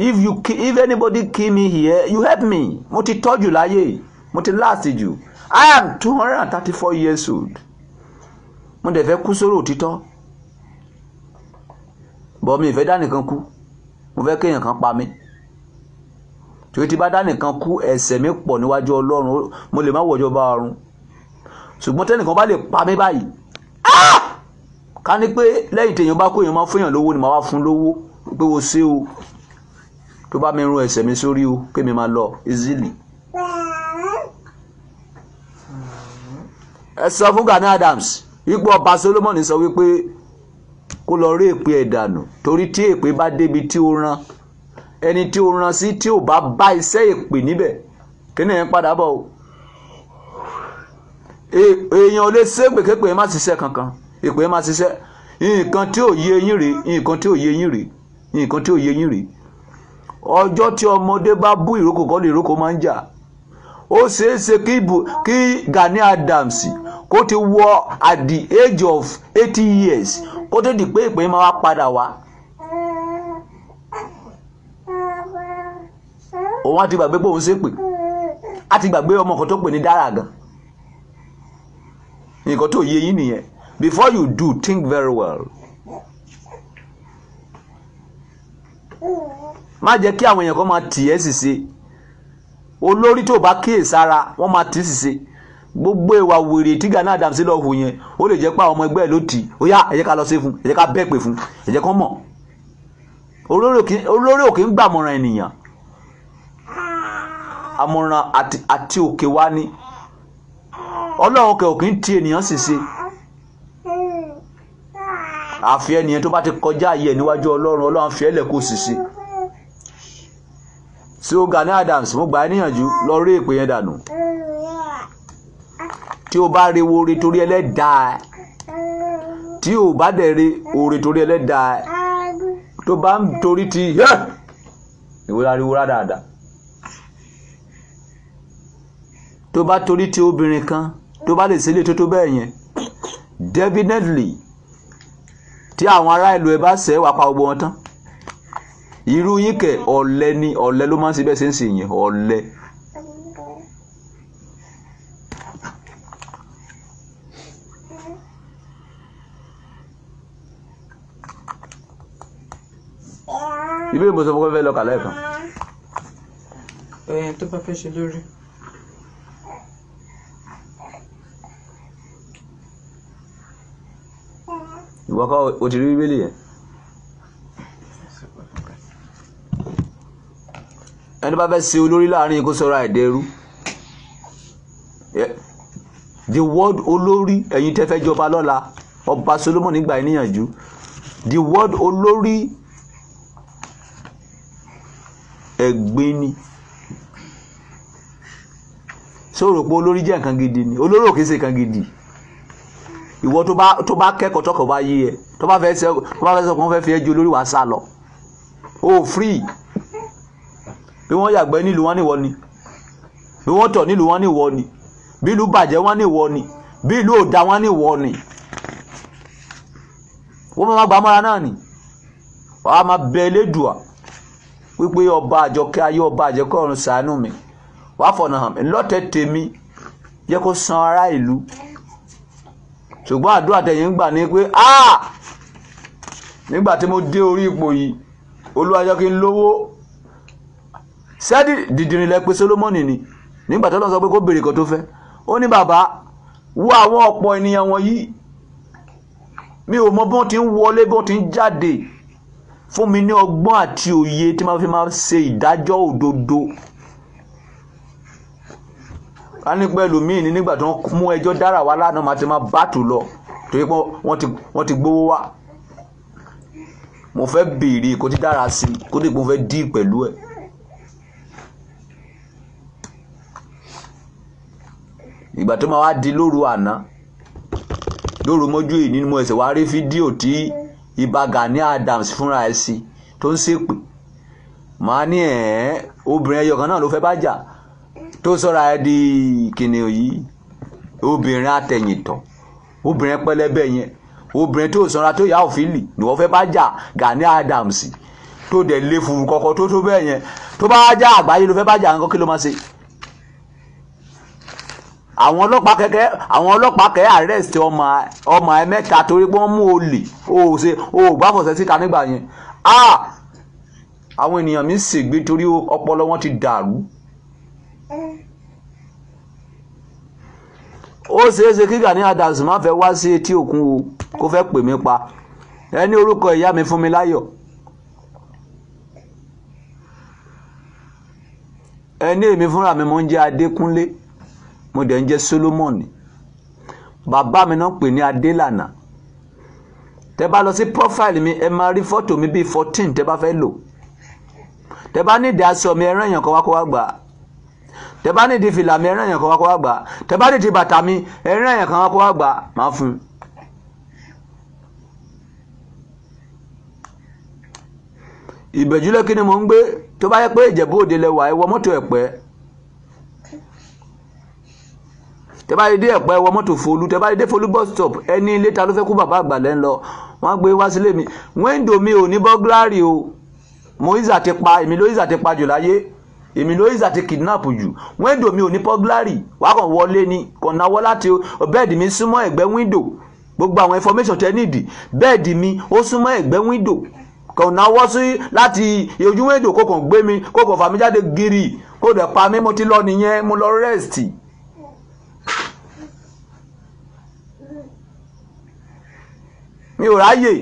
if you if anybody kill me here you help me mo ti tọ́jú láyé mo ti láàsì jù i am two hundred and thirty four years old mo de fẹ́ kú sórí òtítọ́ bọ́ mi ìfẹ́ dánìkan kú mo fẹ́ kéèyàn kan pa mí torí tí bá dánìkan kú ẹ̀ṣẹ̀ mi pọ̀ níwájú ọlọ́run mo lè má wọ̀jọ́ bá ọrùn ṣùgbọ́n tẹ́nìkan bá lè pa mí báyìí ah! ká ní pé lẹ́yìn téèyàn bá kó èèyàn máa fún èèyàn lówó ni màá wá fún lówó pé o ṣe o tó bá mi rún ẹsẹ̀ mi sórí o pé mi máa lọ ezili. ẹ sọ fún Gani Adams ipò ọba Solomon sọ wípé kó lọ rí èpè ẹ̀ dànù torí tí èpè bá débi tí ó rán ẹni tí ó rán sí tí ò bá bá iṣẹ́ èpè níbẹ̀ kí ni ẹ̀ ń padà bọ̀ o e, èèyàn ò lè ṣe é pèképe má ṣiṣẹ́ kankan èpè má ṣiṣẹ́ nǹkan tí ò yé yín rèé nǹkan tí ò yé yín rèé nǹkan tí ò yé yín rèé ọjọ́ tí ọmọdé bá bú ìrókò kọ́ lè ìrókò máa ń jà ó ṣeé ṣe kí Gani Adams kó ti wọ at the age of eighty years kó tó di pé ìpè máa wá padà wá. òun á ti gbàgbé pé òun ṣépè á ti gbàgbé ọmọ kan tó pè ní dára gan nǹkan tó yé yín nìyẹn before you do think very well má jẹ́ kí àwọn èèyàn kan máa tì ẹ́ ṣìṣe olórí tó bá kíyè sára wọ́n máa tì í ṣìṣe gbogbo ìwà wèrè tí Gani Adams lọ hù yẹn ó lè jẹ́ pé àwọn ọmọ ẹgbẹ́ ẹ̀ ló tì í ó yá ẹ jẹ́ ká lọ sí fún ẹ jẹ́ ká bẹ́ẹ̀ pè fún ẹ jẹ́ mọ̀ olórí òkè ń gbàmọ̀ràn ènìyàn àmọ̀ràn àti òkè wá ní ọlọ́run kẹ̀ òkè ń ti ènìyàn ṣìṣe àfi ẹnìyẹn tó bá ti kọjá ayé ẹ̀ níwájú ọlọ́run ọlọ́run fi ẹlẹ́kọ̀ọ́ ṣìṣe tí ó Gani Adams mo gbà á níyànjú lọ rí èpè yẹn dànù tí o bá re oore torí ẹlẹ́dàá tí o bá dẹ̀ re oore torí ẹlẹ́dàá tó bá ń torí ti ìwé ariwo rádàdà tó bá torí ti obìnrin kan tó bá lè sílé tó tó bẹ́ẹ̀ yẹn definitely tí àwọn ará ìlú ẹ bá sẹ́ wàá pa gbogbo wọn tán irú yín kẹ ọ̀lẹ ni ọ̀lẹ ló máa ń ṣe bẹ́ẹ̀ ṣe ń sìn yín ọ̀lẹ. ibi ìbò sọ fún fẹ́ lọ kàlẹ́ kan. ẹ̀yìn tó bá fẹ́ ṣe lórí. ìwọ kọ́ o ti rí bíbélì yẹn. ẹni bá fẹ́ ṣe olórí láàrin kó sọra ẹ̀dẹ́rú the word olórí ẹ̀yin tẹ́ fẹ́ jọba lọ́la ọba Solomon nígbà yẹn the word olórí ẹ̀gbin ni sọ̀rọ̀ pé olórí jẹ́ nǹkan gidi ni olórí ò kìí ṣe nǹkan gidi ìwọ tó bá tó bá kẹ́kọ̀ọ́ tọkọ̀ bá yí ẹ tó bá fẹ́ sọ pé wọ́n fẹ́ fi ẹjọ́ olórí wàá sá lọ o free bí wọ́n yàgbẹ́ nílùú wọn níwọ ni bí wọ́n tọ̀ nílùú wọn níwọ ni bí ìlú bàjẹ́ wọn níwọ ni bí ìlú òdà wọn níwọ ni wọ́n máa gbà mọ́ra náà ni wọ́n á máa bẹ elédùà wípé ọba àjọkẹ́ ayé ọba àjẹkọ́ ọ̀run ṣàánú mi wọ́n á fọ̀nà hàn mí lọ́tẹ̀ tèmi yẹ kó san ará ìlú ṣùgbọ́n àdúrà tẹ̀yìn ń gbà ní pé nígbà tí mo dé orí ipò yìí olúwa jẹ́ kí n lówó sẹ́ẹ̀dì dìndìnrín lẹ pé Solomoni ni nígbà tó lọ́n sọ pé kó béèrè kan tó fẹ́ ó ní bàbá wo àwọn ọ̀pọ̀ ènìyàn wọ̀nyí mi ò mọ bí wọ́n ti ń wọlé bí wọ́n ti ń jáde fún mi ní ọgbọ́n àti òye tí máa fi máa ṣe ìdájọ́ òdodo a ní pẹ́ lómìn ní nígbà tí wọ́n mú ẹjọ́ dára wá lánàá máa ti máa bàtù lọ torí pé wọ́n ti gbowó wá mo fẹ́ béèrè kó ti dára sí i kó dìgbò fẹ́ dí pẹ̀lú ẹ̀. ìgbà tó máa wá di lóru àná lóru mọ́jú èyí nínú ẹsẹ̀ wá rí fídíò tí Ìbà Gani Adams fúnra ẹ̀ sí tó ń ṣépè màá ní ẹ̀ ẹ́ obìnrin ẹyọkan náà ló fẹ́ bá jà tó sọ́ra ẹ di kìnìún yìí obìnrin atẹ̀yìntọ̀ obìnrin pẹlẹbẹ yẹn obìnrin tó sanra tó yà òfìlì ni wọ́n fẹ́ bá jà Gani Adams tó dẹ̀ lé fún kọ́kọ́ tó tó bẹ́ẹ̀ yẹn tó bá jà àgbáyé ló fẹ́ bá jà nǹkan kí ló máa ṣe àwọn ọlọ́pàá kẹ̀kẹ́ àwọn ọlọ́pàá kẹ̀ arrest ọmọ ọmọ ẹ mẹ́ta torí pé wọ́n mú olè o ò ṣe o ò gbàfọ̀sẹ̀ síta nígbà yẹn ah àwọn ènìyàn mi ṣègbè torí ọpọlọ wọn ti dàrú ó ṣeéṣe kí Gani Adams má fẹ́ wá sí etí òkun o kó fẹ́ pè mí pa ẹni orúkọ ìyá mi fún mi láyọ̀ ẹni èmi fúnra mi mo ń jẹ́ Adékúnlé mo dẹ̀ ń jẹ́ Solomoni bàbá mi náà pè ní Adélànà tẹ bá lọ sí profile mi ẹ máa rí fọ́tò mi bíi fourteen tẹ bá fẹ́ lò tẹ bá nídìí aṣọ mi ẹran èèyàn kan wá kó wá gbà tẹ bá nídìí fìlà mi ẹran èèyàn kan wá kó wá gbà tẹ bá nídìí bàtà mi ẹran èèyàn kan wá kó wá gbà máa fún un. ìbẹ̀jú lẹ́kí ni mò ń gbé tó bá yẹ pé Ìjẹ̀bú Òde lẹ wà ẹ wọ mọ́tò Ẹ̀pẹ́ tẹ bá dé ẹ̀pọ̀ ẹwọ mọ́tò folú tẹ bá dé folú bus stop ẹni létà ló fẹ́ kú bàbá àgbà lẹ́ ń lọ wọ́n gbé wá sílé mi wíńdò mi ò ní bọ́gláàrì o mo ìzà ti pa èmi ló ìzà ti pa jù láyé èmi ló ìzà ti kidnap jù wíńdò mi ò ní bọ́gláàrì wàá kàn wọlé ni kàn náwó láti bẹ́ẹ̀dì mi súnmọ́ ẹ̀gbẹ́ wíńdò gbogbo àwọn information tẹ nídìí bẹ́ẹ̀dì mi ó súnmọ́ ẹ̀gbẹ́ wíńdò kàn náwó sí láti ojú wíńdò kó kàn gbé mi kó kàn fà mí jáde gírì kó dẹ̀ pa mí mo ti lọ nìyẹn mo lọ rẹ́ẹ̀sì mi ò ráyè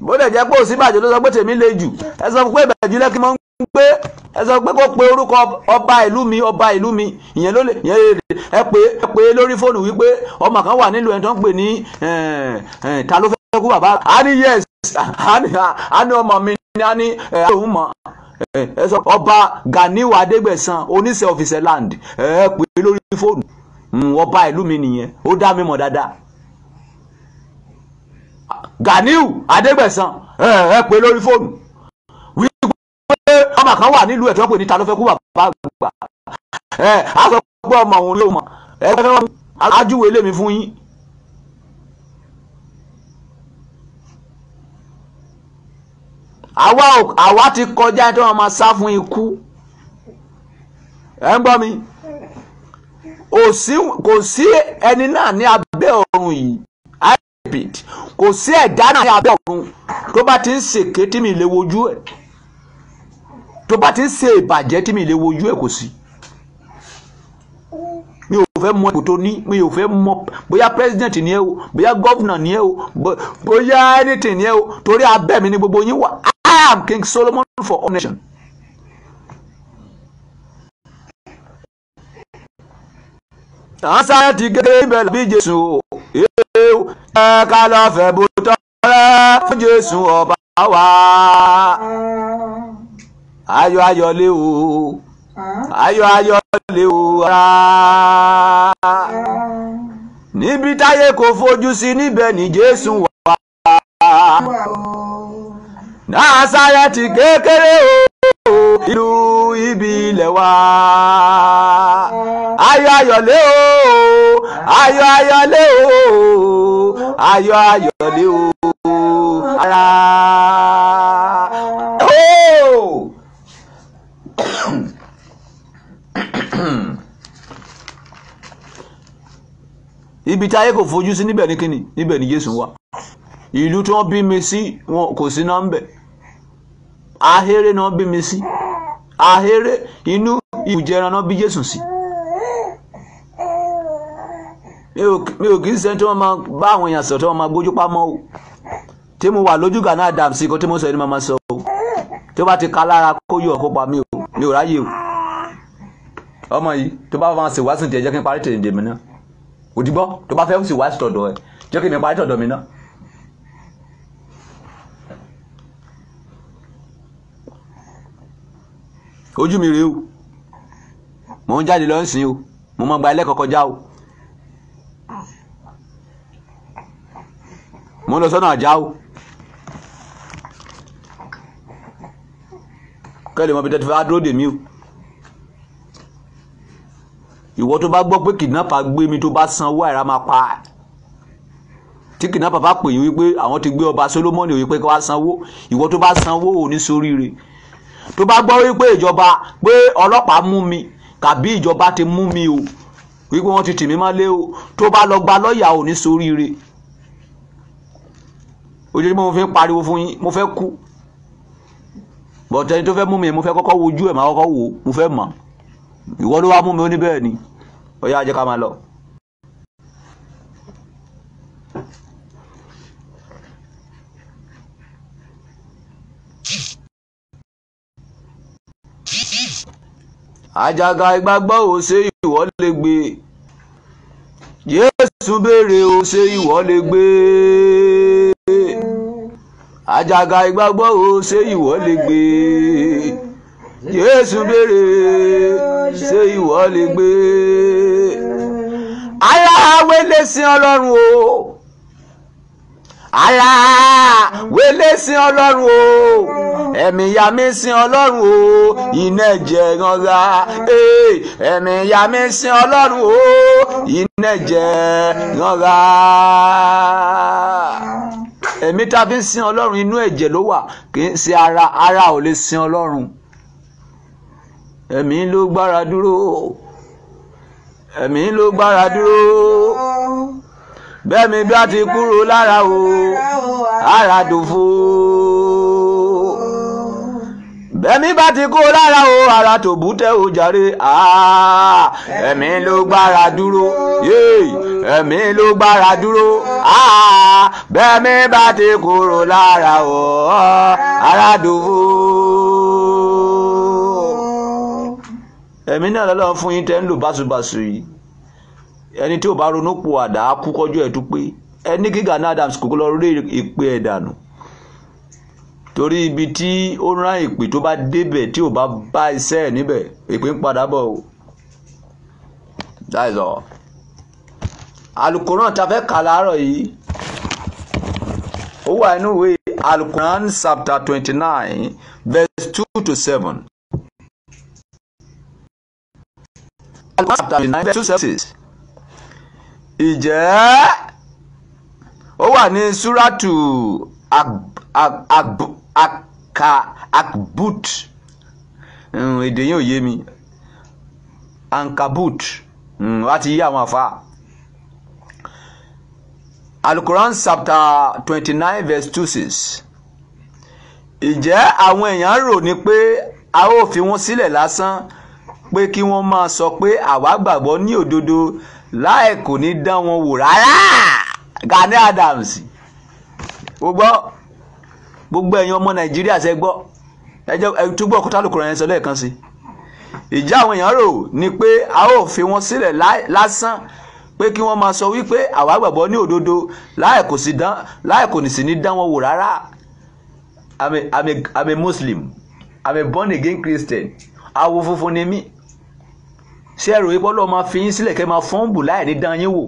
bó dẹ̀ jẹ́ pé Ọ̀ṣínbàjò ló sọ pé tèmi le jù ẹ sọ pé ìbẹ̀jú lẹ́kí mọ́ ń gbé ẹ sọ pé kó pe orúkọ ọba ìlú mi ọba ìlú mi ìyẹn ló lè ìyẹn lè ẹ pé ẹ pé lórí fóònù wípé ọmọ kan wà nílùú ẹni tó ń pè ní ta ló fẹ́ kú bàbá a ní yes a ní ọmọ mi ni a ní òun mọ̀ ẹ sọ ọba Ganiu Adégbèsàn oníṣẹ́ ọ̀fìsẹ́ land ẹ pè lórí fóònù. Hmm, ọba ìlú mi nìyẹn ó dá mi mọ̀ dáadáa Ganiu Adégbẹ̀san ẹ ẹ pé lórí fóònù wípé ọmọ kan wà nílùú ẹ̀ tí wọ́n pè ní ta ló fẹ́ kú bàbá àgbà ẹ á sọ pé ọmọ òun ló mọ ẹ fẹ́ wọ́n ajúwe lèmi fún yín. àwa ti kọjá tí wọ́n máa sá fún ikú ẹ ń gbọ́ mi kò sí ẹni náà ní abẹ́ ọ̀run yìí i repeat kò sí ẹ̀dá náà ní abẹ́ ọ̀run tó bá ti ń ṣèké tí mi lè wojú ẹ̀ tó bá ti ń ṣe ìbàjẹ́ tí mi lè wojú ẹ̀ kò sí mi ò fẹ́ mọ ipò tó ní mi ò fẹ́ mọ bóyá president ni ẹ o bóyá governor ni ẹ o bóyá anything ni ẹ o torí abẹ́ mi ni gbogbo yín wà i am king solomon for all nations. tàṣà ti gé ibẹ̀ làbí jésù ewu ẹ ká lọ fẹ́ bó tọ́lẹ́ fún jésù ọba wa. ayọ̀ ayọ̀ lé o ayọ̀ ayọ̀ lé o rárá. níbi táyé kò fojú sí níbẹ̀ ni jésù wà. náà sáyà ti kékeré o ìlú ibi ilẹ̀ wa. ayọ̀ ayọ̀lé o ayọ̀ ayọ̀lé o ayọ̀ ayọ̀lé o ara. ibi táyé kò fojú sí níbẹ̀ ni kíni níbẹ̀ ni Jésù wà ìlú tí wọ́n bí mi sí wọn kò sí náà ń bẹ̀ ahéré náà bí mi sí. Si ahéré inú ìbùjẹran bí Jésù sí. mi ò kì í sẹ́ni tí wọ́n máa bá àwọn èèyàn sọ̀rọ̀ tí wọ́n máa gbójú pamọ́ o tí mo wà lójú Gani Adams kó tí mo sọ ẹni máa sọ o tí ó bá ti ka lára kó yọ kó pa mi o mi ò ráyè o ọmọ yìí tó bá máa ṣèwádìí tiẹ̀ jẹ́ kí n parí tèmi náà òdìgbọ́ tó bá fẹ́ ṣèwádìí tọ̀dọ̀ ẹ̀ jẹ́ kí n parí tọ̀dọ̀ mi náà ojú mi rèé o mò ń jáde lọ ń o mo máa gba ẹlẹ́kọ̀ọ́ kọjá o mo ń lọ sọ́nà àjá o kẹ́lẹ́ mọ̀ bí tẹ́tí fẹ́ dúró dè mí o ìwọ tó bá gbọ́ pé kìdínápà gbé mi tó bá sanwó àìrá máa pa á tí kìdínápà bá pè yín wípé àwọn ti gbé ọba Solomoni òye pé kí wọ́n sanwó ìwọ tó bá sanwó ò ní tó bá gbọ́ wípé ìjọba pé ọlọ́pàá mú mi tàbí ìjọba ti mú mi o wípé wọ́n ti tì mí mọ́lé o tó bá lọ gba lọ́ọ̀yà ò ní soríire ojoojúmọ́ mo fi ń pariwo fún yín mo fẹ́ kú bọ̀tẹ́ni tó fẹ́ mú mi mo fẹ́ kọ́kọ́ wojú ẹ̀ máa kọ́kọ́ wò mo fẹ́ mọ̀ ìwọ ló wá mú mi ó ní bẹ́ẹ̀ ni ó yá ká máa lọ. àjàgà ìgbàgbọ́ ò ṣe ìwọ lè gbé Jésù béèrè ò ṣe ìwọ lè gbé àjàgà ìgbàgbọ́ ò ṣe ìwọ lè gbé Jésù béèrè ṣe ìwọ lè gbé aláhàwé lè sin Ọlọ́run o ara wele sin ọlọ́run o ẹ̀mí ya mi sin ọlọ́run o iná ẹ̀jẹ̀ rọra eh, ẹ̀mí ya mi sin ọlọ́run o iná ẹ̀jẹ̀ rọra ẹ̀mí tá a fi sin ọlọ́run inú ẹ̀jẹ̀ ló wà kì í ṣe ara ara ò lè sin ọlọ́run ẹ̀mí ló gbára dúró ẹ̀mí ló gbára dúró bẹ́ẹ̀mi bí a ti kúrò lára o ara dòfo bẹ́ẹ̀mi bá ti kúrò lára o ara tó bútẹ́ o jàre ah, ẹ̀mí ló gbára dúró ẹ̀mí ló gbára dúró ah, bẹ́ẹ̀mi bá ti kúrò lára o ara dòfo. ẹ̀mí náà lọ́lọ́ fún yín tẹ́ ń lò báṣubàṣu yìí ẹni tí ò bá ronú pò àdá á kú kọjú ẹ̀ tó pé ẹni kí Gani Adams kò lọ rí ìpè ẹ̀ dànù torí ibi tí ó rán ìpè tó bá débẹ̀ tí ò bá bá iṣẹ́ ẹ̀ níbẹ̀ ìpè ń padà bọ̀ o láìsọ alukoran ta fẹ́ kà láàárọ̀ yìí ó wà nínú ìwé alukoran chapter twenty nine verse two to seven. alukoran chapter twenty nine verse two to seven. Ǹjẹ́ ó wà ní Súràtù Ankabut hmm, èdè yìí ò yé mi Ankabut láti hmm, yí àwọn àfa Alukoran chapter twenty nine verse two six ǹjẹ́ àwọn èèyàn rò ní pé a ó fi wọ́n sílẹ̀ lásán pé kí wọ́n máa sọ pé àwa gbàgbọ́ ní òdodo láì kò ní dán wọn wò rárá Gani Adams ó gbọ́ gbogbo ẹ̀yin ọmọ Nàìjíríà ṣe gbọ́ ẹ túbọ̀ kó tálùkù rẹ̀ sọ lẹ́ẹ̀kan sí ìjà àwọn èèyàn rò ni pé a ó fi wọn sílẹ̀ lásán pé kí wọ́n máa sọ wípé àwa gbàgbọ́ ní òdodo láì kò ní sí ní dán wọn wò rárá I'm a, I'm a, I'm a Muslim I'm a born again Christian awo funfun ni mí ṣé ẹ rò wípé ọlọ́run máa fi yín sílẹ̀ kẹ́ máa fọ́ǹbù láì ní dán yín wò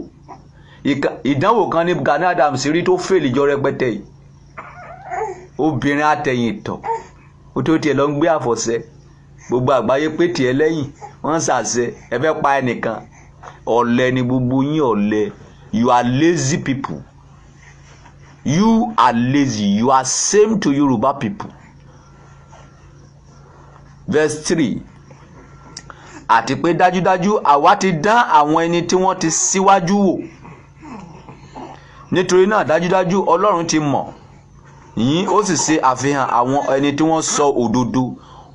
ìdánwò kan ní Gani Adams rí tó fèlè jọ rẹpẹtẹ yìí obìnrin àtẹ̀yìntọ̀ ó tó tiẹ̀ lọ ń gbé àfọ̀ṣẹ gbogbo àgbáyé pé tiẹ̀ lẹ́yìn wọ́n ń ṣàṣẹ ẹ fẹ́ pa ẹnìkan ọ̀lẹ ni gbogbo yín ọ̀lẹ you are lazy people you are lazy you are same to Yoruba people verse three àti pé dájúdájú àwa ti dán àwọn ẹni tí wọ́n ti síwájú wò nítorí náà dájúdájú ọlọ́run ti mọ̀ yín ó sì ṣe àfihàn àwọn ẹni tí wọ́n sọ òdodo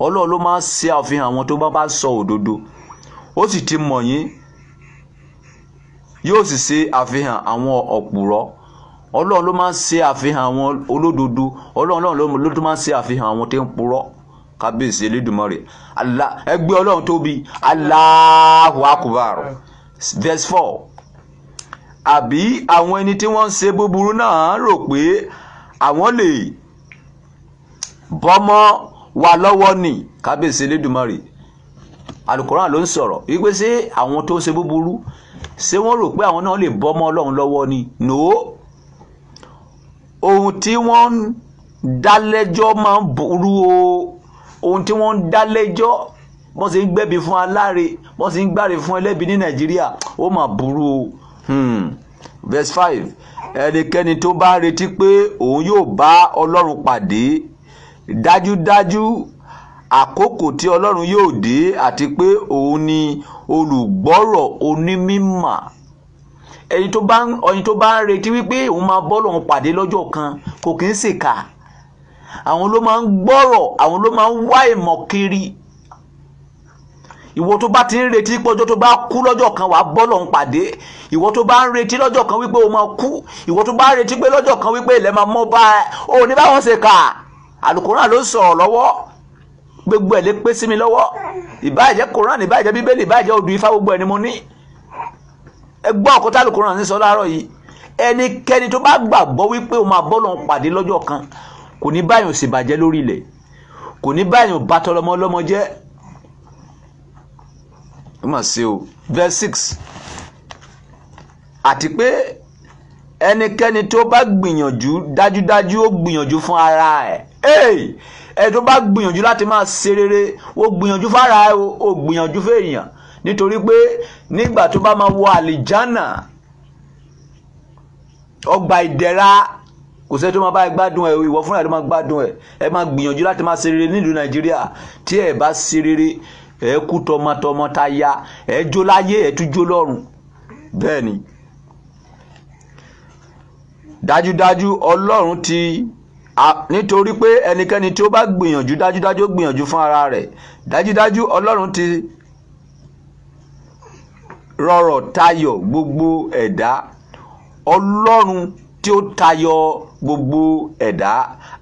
ọlọ́run ló máa ń ṣe àfihàn àwọn tó bá bá sọ òdodo ó sì ti mọ̀ yín yóò sì ṣe àfihàn àwọn ọ̀pùrọ́ ọlọ́run ló máa ń ṣe àfihàn àwọn olódodo ọlọ́run ló máa ń ṣe àfihàn àwọn tó ń purọ́ kábíyèsí elédùmarè Allah ẹgbẹ́ ọlọ́run tóbi Allahu akubar verse four àbí àwọn ẹni tí wọ́n ń ṣe búburú náà rò pé àwọn lè bọ́mọ́ wa lọ́wọ́ ni kábíyèsí elédùmarè alukoran ló ń sọ̀rọ̀ wípé ṣé àwọn tó ṣe búburú ṣé wọ́n rò pé àwọn náà lè bọ́mọ́ ọlọ́run lọ́wọ́ ni no ohun tí wọ́n ń dálẹ́jọ́ máa ń burú o ohun tí wọ́n ń dá lẹ́jọ́ wọ́n sì ń gbẹ̀bí fún aláre wọ́n sì ń gbàre fún ẹlẹ́bi ní nàìjíríà ó mà burú o hmm. verse five ẹnikẹ́ni tó bá retí pé òun yóò bá ọlọ́run pàdé dájúdájú àkókò tí ọlọ́run yóò dé àti pé òun ni olùgbọ́rọ̀ onímímà ẹni tó bá ń retí wípé òun máa bọ́ lòun pàdé lọ́jọ́ kan kò kí ń ṣèkà àwọn ló máa ń gbọ́rọ̀ àwọn ló máa ń wá ìmọ̀ kiri ìwọ tó bá ti ń retí pé ọjọ́ tó bá kú lọ́jọ́ kan wàá bọ́ lọ́hùn pàdé ìwọ tó bá ń retí lọ́jọ́ kan wípé o máa kú ìwọ tó bá ń retí pé lọ́jọ́ kan wípé ilẹ̀ máa mọ́ bá ẹ ò ní báwọn ṣe kà àlùkòrán ló ń sọ̀rọ̀ lọ́wọ́ gbogbo ẹ̀ lè pé sí mi lọ́wọ́ ìbáàjẹ́ koran ìbáàjẹ́ bíbélì ìbáàjẹ́ odù ifá gbogbo ẹ̀ ni mo ní ẹ gbọ́ ọ̀kọ́ tálùkòrán ní sọ láàárọ̀ yìí ẹnikẹ́ni tó bá gbàgbọ́ wípé o máa bọ́ lọ́hùn pàdé lọ́jọ́ kan kò ní báyọ̀ ṣèbàjẹ́ lórí ilẹ̀ kò ní báyọ̀ bàtọ́lọmọ ọlọ́mọ jẹ́ verse six àti pé ẹnikẹ́ni tó bá gbìyànjú dájúdájú ó gbìyànjú fún ara ẹ̀ ẹni tó bá gbìyànjú láti máa ṣe rere ó gbìyànjú fún ara ẹ̀ ó gbìyànjú fún èèyàn nítorí pé nígbà tó bá máa wọ àlìjánà ọgbà ìdẹ̀ra kò sẹ́ni tó máa bá gbádùn ẹ̀ ìwọ fúnra ẹ̀ ló máa gbádùn ẹ̀ ẹ máa gbìyànjú láti máa ṣe rere nílùú nàìjíríà tí ẹ bá ṣe rere ẹ kú tọmọtọmọ ta ya ẹ jó láyé ẹ tún jó lọ́run bẹ́ẹ̀ ni dájúdájú ọlọ́run ti nítorí pé ẹnikẹ́ni tí ó bá gbìyànjú dájúdájú ó gbìyànjú fún ara rẹ̀ dájúdájú ọlọ́run ti rọrọ̀ tayọ̀ gbogbo ẹ̀dá ọlọ́run tí ó tayọ gbogbo ẹ̀dá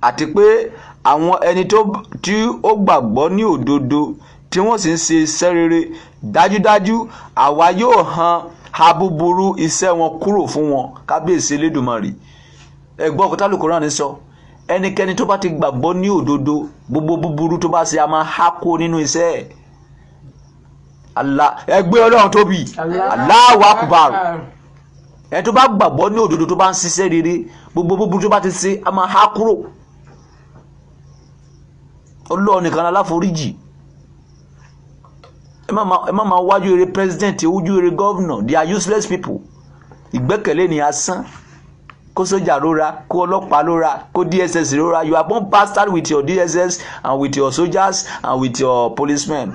àti pé àwọn ẹni tí ó gbàgbọ́ ní òdodo tí wọ́n sì ń ṣe iṣẹ́ rere dájúdájú àwa yóò han abúburú iṣẹ́ wọn kúrò fún wọn kábíyèsí elédùnmarè ẹ̀gbọ́n ọ̀kọ́tà lùkúrán ní sọ ẹnikẹ́ni tó bá ti gbàgbọ́ ní òdodo gbogbo búburú tó bá ṣe a máa há kó nínú iṣẹ́ ẹ̀ ẹgbẹ́ ọlọ́run tóbi Allahu Akbar ẹni tó bá gbàgbọ́ ní òdodo tó bá ń ṣiṣẹ́ rere gbogbo búburú tó bá ti ṣe a máa há kúrò Ọlọ́run nìkan aláforíjì ẹ má máa wájú eré president ojú eré governor they are useless people ìgbẹ́kẹ̀lé ni asán kó sójà lóra kó ọlọ́pàá lóra kó DSS lóra you are born bastard with your DSS and with your soldiers and with your policemen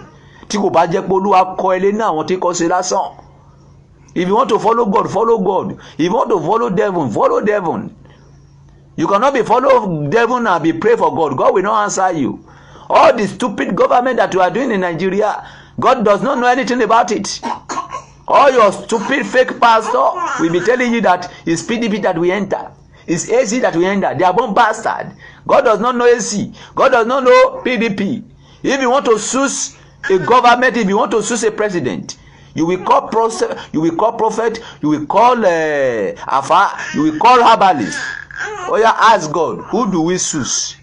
tí kò bá jẹ́ pé Olúwa kọ ilé ní àwọn tí kò ṣe lásán. If you want to follow God, follow God. If you want to follow devil, follow devil. You cannot be follow devil and be pray for God. God will not answer you. All the stupid government that you are doing in Nigeria, God does not know anything about it. All your stupid fake pastor will be telling you that it's PDP that we enter. It's AC that we enter. They are born bastard. God does not know AC. God does not know PDP. If you want to sue a government, if you want to sue a president, you will call prophet you will call prophet you will call uh, afa you will call herbalist oya oh, ask God who do we choose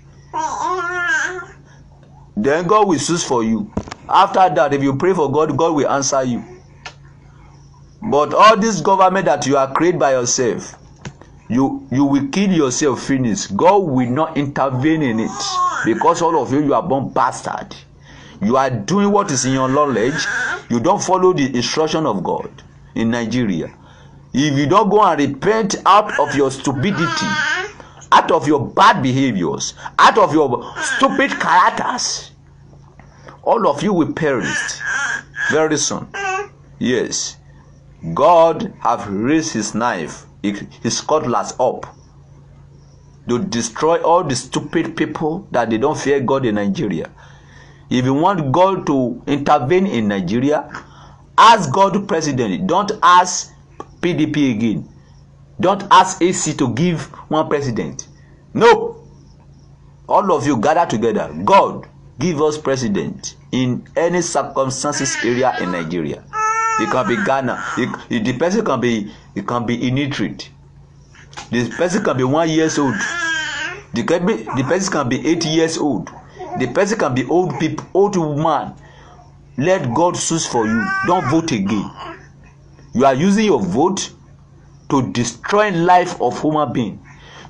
then God will choose for you after that if you pray for God God will answer you but all this government that you are create by yourself you you will kill yourself finish God will not intervene in it because all of you you are born bastard. You are doing what is in your knowledge. You don't follow the instruction of God in Nigeria. If you don't go and repent out of your stupidity, out of your bad behaviors, out of your stupid characters, all of you will perish very soon. Yes, God have raised his knife, his cutlass up to destroy all the stupid people that they don't fear God in Nigeria. If you want God to intervene in Nigeria, ask God president. Don't ask PDP again. Don't ask AC to give one president. No. All of you gather together. God, give us president in any circumstances area in Nigeria. It can be Ghana. It, it, the person can be it can be illiterate. The person can be one years old. The, the person can be eight years old. the person can be old people old woman let god choose for you don vote again you are using your vote to destroy life of human being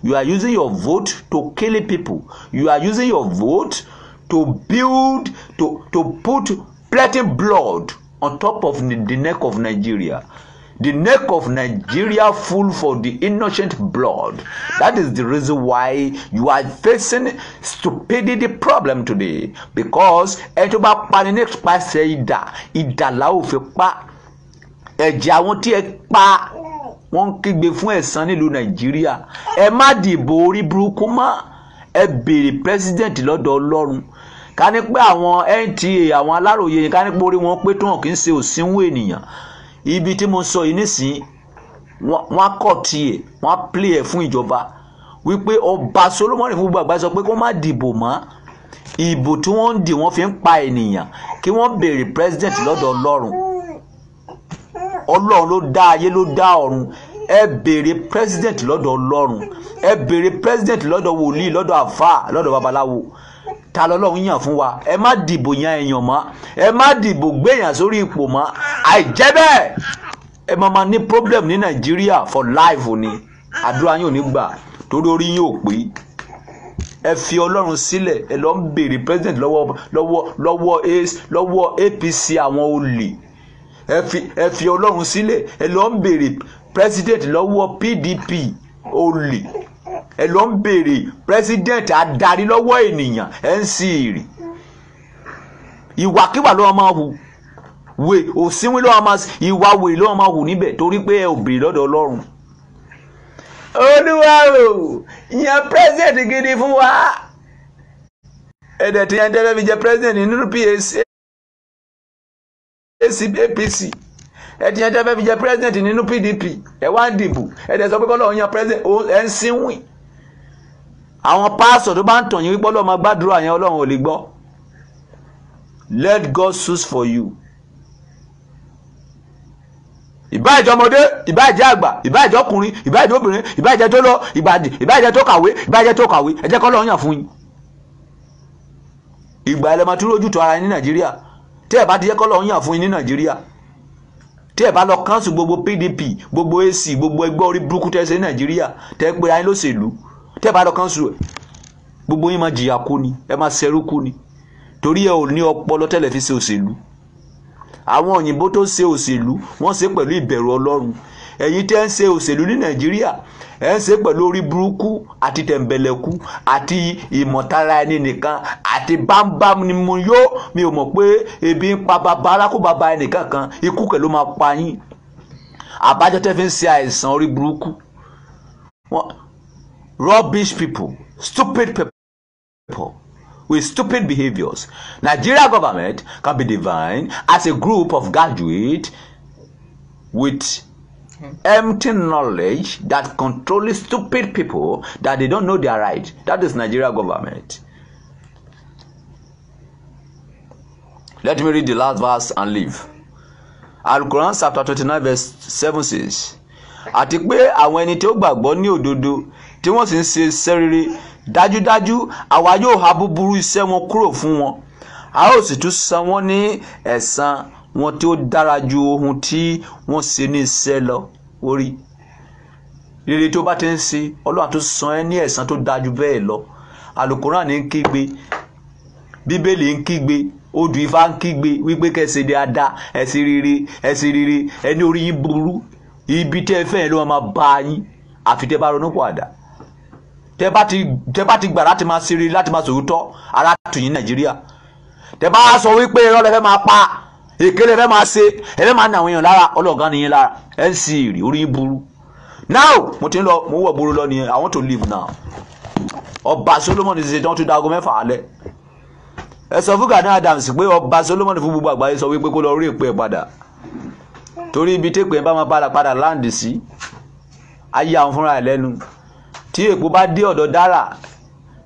you are using your vote to kill people you are using your vote to build to to put plenty blood on top of the neck of nigeria The neck of Nigeria full for the innocent blood. That is the reason why you are facing stupidity problem today because ẹ tó bá pani nípasẹ̀ ìdà ìdà la ó fi pa ẹ̀jẹ̀ àwọn tí ẹ pa wọ́n ń kígbe fún ẹ̀san nílùú Nàìjíríà ẹ má dìbò orí burúkú mọ́ ẹ béèrè president lọ́dọ̀ Ọlọ́run ká ní pé àwọn NTA àwọn Aláròye ká ní pé orí wọn pé tó hàn kí n ṣe òsínwó ènìyàn ibi tí mo sọ yìí nísìnyí wọ́n kọ̀ tiẹ̀ wọ́n play ẹ̀ fún ìjọba wípé ọba Solomoni fún gbogbo àgbáyé sọ pé kó má dìbò mọ́ ìbò tí wọ́n ń dì wọ́n fi ń pa ènìyàn kí wọ́n béèrè president lọ́dọ̀ ọlọ́run ọlọ́run ló dá ayé ló dá ọ̀run ẹ béèrè president lọ́dọ̀ ọlọ́run ẹ béèrè president lọ́dọ̀ wòlíì lọ́dọ̀ àfáà lọ́dọ̀ babaláwo ta lọ́lọ́run yàn fún wa ẹ má dìbò yan èèyàn mọ́ ẹ má dìbò gbéyàn sórí ipò mọ́ àìjẹ́ bẹ́ẹ̀ ẹ máa ma ní problem ní nàìjíríà for life ni àdúrà yín ò ní gbà torí orí yín ò pé ẹ fi ọlọ́run sílẹ̀ ẹ lọ ń béèrè president lọ́wọ́ lọ́wọ́ lọ́wọ́ lọ́wọ́ APC àwọn olè ẹ fi ẹ fi ọlọ́run sílẹ̀ ẹ lọ ń béèrè president lọ́wọ́ PDP olè ẹ ló ń béèrè president adarí lọ́wọ́ ènìyàn ẹ̀ ń sì rì ìwàkiwà ló máa hù wè òsínwín ló máa ìwà wè ló máa hù níbẹ̀ torí pé ẹ ò béèrè lọ́dọ̀ ọlọ́run. olúwa o yan president gidi fún wa ẹ̀dẹ̀ tí yan tẹ́lẹ̀ fi jẹ́ president nínú PAC APC ẹ ti fẹ́ fi jẹ president nínú PDP ẹ wá ń dìbò ẹ sọ pé kọ́lọ́ yan president ẹ ń sinwìn àwọn pásọ̀ tó bá ń tàn yín wípé ọlọ́run máa yẹn ọlọ́run ò lè gbọ́ let God choose for you ìbáàjẹ́ ọmọdé ìbáàjẹ́ àgbà ìbáàjẹ́ ọkùnrin ìbáàjẹ́ obìnrin ìbáàjẹ́ tó lọ ìbàdí ìbáàjẹ́ tó kàwé ìbáàjẹ́ tó kàwé ẹ jẹ́ kọ́ lọ́ọ́ yàn fún yín. ìgbà ẹlẹ́mọ̀tún lójútó ara yín ní nàìjíríà tẹ́ ẹ bá ti jẹ́ kọ́ lọ́ọ́ fún yín ní nàìjíríà tí ẹ bá lọ kánṣu gbogbo PDP gbogbo AC gbogbo ẹgbẹ́ orí burúkú tẹ́sẹ̀ ní Nàìjíríà tẹ́ pé ayé lọ́sẹ̀lú tí ẹ bá lọ kánṣu ẹ̀ gbogbo yín máa jìyà kú ni ẹ máa ṣẹrú kú ni torí ẹ ò ní ọpọlọ tẹ́lẹ̀ fi ṣe òṣèlú àwọn òyìnbó tó ṣe òṣèlú wọ́n ṣe pẹ̀lú ìbẹ̀rù Ọlọ́run ẹ̀yin tẹ́ ń ṣe òṣèlú ní nàìjíríà ẹ̀ ń ṣe pẹ̀lú orí burúkú àti tẹ̀m̀bẹ̀lẹ̀kú àti ìmọ̀tara ẹni nìkan àti bámbám ni mo yó mi ò mọ̀ pé ebi ń pa bàbá alákó bàbá ẹnìkan ikú kẹ̀ ló máa pa yín àbájọ tẹ́ fi ń ṣe àìsàn orí burúkú rubbish people stupid people with stupid behaviors. Nigeria government can be defined as a group of graduates with empty knowledge that controls stupid people that they don't know their right. That is Nigeria government. Let me read the last verse and leave. Al-Quran chapter twenty-nine verse seven says, Àti pé àwọn ẹni tí ó gbàgbọ́ ní òdodo tí wọ́n sì ń ṣe iṣẹ́ rere dájúdájú àwa yóò ha búburú iṣẹ́ wọn kúrò fún wọn. A ó sì tún san wọ́n ní ẹ̀san wọn tí ó dára ju ohun tí wọ́n ṣe ní iṣẹ́ lọ orí rere tí ó bá ti ń ṣe ọlọ́run tó san ẹ́ ní ẹ̀san tó dáa ju bẹ́ẹ̀ lọ alukoran ní ń kígbe bíbélì ń kígbe odù ifá ń kígbe wípé kẹsẹ̀ dáadáa ẹ̀sìn rere ẹ̀sìn rere ẹni orí yín burú ibi tẹ́ ẹ fẹ́ ló máa bá yín àfi tẹ́ bá ronú pàdà tẹ́ bá ti gbà láti máa ṣe rere láti máa sòótọ́ ara tù yín nàìjíríà tẹ́ bá sọ wípé irọ́ lẹ máa pa èkélé fẹ́ máa ṣe ẹ máa nà àwọn èèyàn lára ọlọ́ọ̀gá nìyẹn lára ẹ rí orí burú now mo ti ń lọ mo wọ̀ burú lọ nìyẹn I want to leave now ọba Solomon ti ṣe tí wọ́n dago mẹ́fà alẹ́ ẹ sọ fún Gani Adams pé ọba Solomon fún gbogbo àgbáyé sọ wípé kó lọ rí èpè ẹ̀ padà torí ibi tẹ́pẹ́ ẹ̀ bá máa padà padà láǹdì sí ayé àwọn fúnra ẹ̀ lẹ́nu tí èpò bá dé ọ̀dọ̀ dára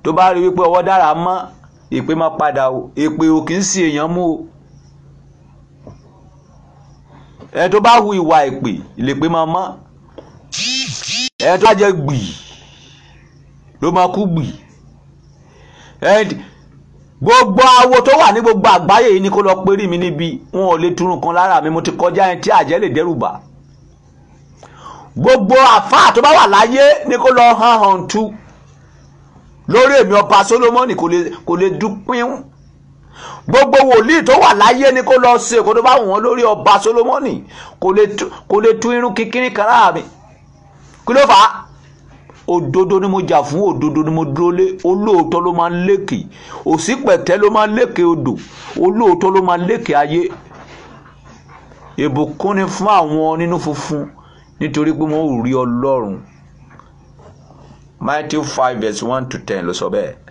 tó bá rí wípé ọwọ́ dára mọ́ èpè máa padà èpè ò kì í sí èèyàn mú o ẹni tó bá hu ìwà ìpè ìlèpè máa mọ́ ẹni tó bá jẹ gbì ló máa kú gbì gbogbo awo tó wà ní gbogbo àgbáyé yìí ni kó lọ perí mi níbi wọn ò lè turun kan lára mi mo ti kọjá ẹni tí àjẹ́ lè dẹ́rù bà gbogbo àfáà tó bá wà láyé ni kó lọ hàn hàn tú lórí èmi ọba Solomoni kò lè dúpín gbogbo wòlíì tó wà láyé ni kó lọ ṣe kó tó bá wọ́n lórí ọba Solomoni kò lè tú irun kíkírín kan lára mi kí ló fà á òdodo ni mo jà fún òdodo ni mo dúró lé olóòótọ́ ló máa ń lékè òṣìpẹ̀tẹ́ ló máa ń lékè odò olóòótọ́ ló máa ń lékè ayé ìbùkún ni fún àwọn nínú funfun nítorí pé wọn ò rí ọlọ́run Matthew five verse ló sọ bẹ́ẹ̀.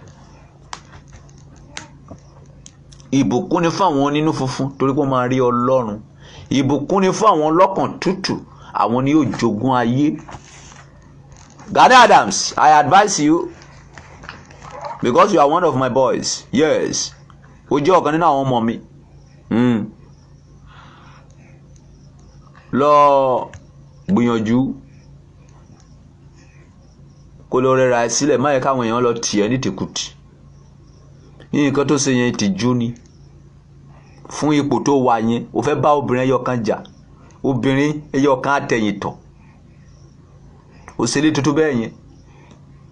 ìbùkún ni fún àwọn onínú funfun torí pé wọ́n máa rí ọlọ́run ìbùkún ni fún àwọn ọlọ́kàn tútù àwọn ni yóò jogún ayé Gani Adams I advise you because you are one of my boys yes o jẹ́ ọ̀kan nínú àwọn ọmọ mi hmm. lọ gbìyànjú kó lọ rẹra ẹ sílẹ̀ má yẹ káwọn èèyàn lọ tì ẹ́ ní tìkùtì nǹkan tó ṣe yẹn ìtìjú ni fún ipò tó wà yẹn o fẹ́ bá obìnrin ẹyọkan jà obìnrin ẹyọkan àtẹ̀yìn tọ̀ òṣèlú tuntun bẹ́ẹ̀ yẹn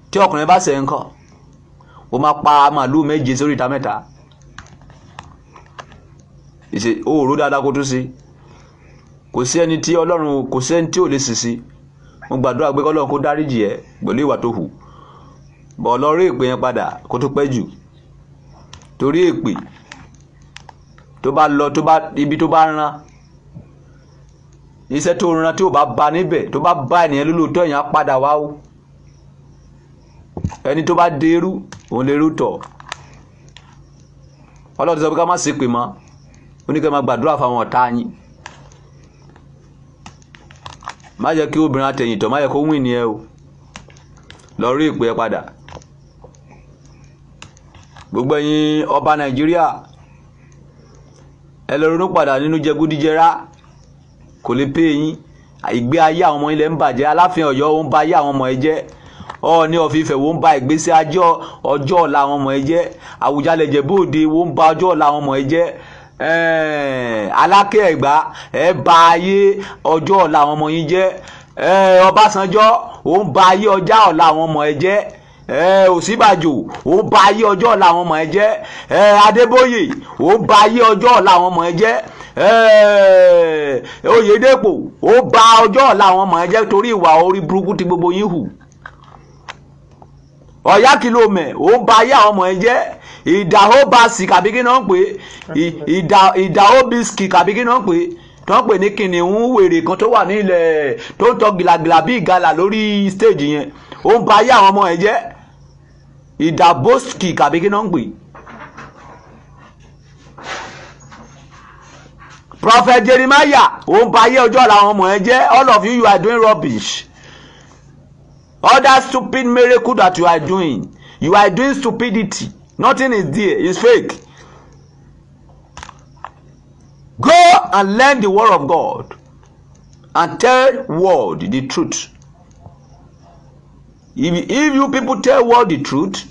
tí ọkùnrin bá sẹ̀ kọ́ o máa pa màlúù méje sórí ìta mẹ́ta ìṣe òòró dáadáa kó tún sí kò sí ẹni tí ọlọ́run kò sí ẹni tí ò lè sì sí mo gbàdúrà pé kọ́lọ́run kó dáríjì ẹ pẹ̀lú ìwà tó hù bọ̀ lọ èpè yẹn padà kó tó pẹ́ jù torí èpè tó bá lọ tó bá ibi tó bá ran iṣẹ́ tó ran tí ò bá ba níbẹ̀ tó bá bá ènìyàn lólóòótọ́ èèyàn á padà wá o ẹni tó bá dérú òun lè rútọ̀ ọlọ́run ti sọ pé ká má ṣe pè mọ́ ó ní kí ẹ gbàdúrà fáwọn ọ̀tá yín má jẹ́ kí obìnrin àtẹ̀yìntọ̀ má jẹ́ kó wìn ní ẹ o lọ rí ìpè ẹ padà gbogbo ẹ̀yin ọba Nàìjíríà ẹ lọ ronú padà nínú jẹgúdíjẹrá kò lè pé yín ìgbé ayé àwọn ọmọ ilẹ̀ ń bàjẹ́ aláfihàn ọ̀yọ́ ó ń ba ayé àwọn ọmọ ẹ jẹ́ ọ̀ọ́ni ọ̀fìfẹ́ wo ń ba ìgbésí ajọ́ ọjọ́ ọ̀la àwọn ọmọ ẹ jẹ́ Àwùjalẹ̀ Ìjẹ̀bú wo ń ba ọjọ́ ọ̀la àwọn ọmọ ẹ jẹ́ Aláké Ẹ̀gbá ẹ ba ayé ọjọ́ ọ̀la àwọn ọmọ yín jẹ́ Ọbásanjọ́ ó ń ba ayé ọjà ọ̀la àwọn ọmọ ẹ jẹ́ Ọ̀ṣínbàjò ó ba ayé ọjọ́ ọ̀la àwọn ọmọ ẹ jẹ́ Adébóyè ó ba ayé ọjọ́ ọ̀la àwọn ọmọ ẹ jẹ́ Oyèdèpò ó ba ọjọ́ ọ̀la àwọn ọmọ ẹ jẹ́ torí ìwà orí burúkú tí gbogbo yín hù ọ̀yá kìlómẹ̀ ó ba ayé àwọn ọmọ ẹ jẹ́ ìdáhó basì kàbí kí náà ń pè ìdáhó bisikì kàbí kí náà ń pè tó ń pè ní kìnìún wèrè kan tó wà nílẹ̀ tó ń tọ́ gìlàgìlà bí ìgalà lórí stage yẹn ó ń ba ayé àwọn ọmọ ẹ̀ jẹ́ ìdàbòsíkì kàbí kí náà ń pè prophet jeremiah òun bà ayé ọjọ́ ọ̀la ọmọ ẹ jẹ́ all of you you are doing rubbish all that stupid miracle that you are doing you are doing stupidity nothing is there it's fake go and learn the word of god and tell world the truth If, if you people tell world the truth,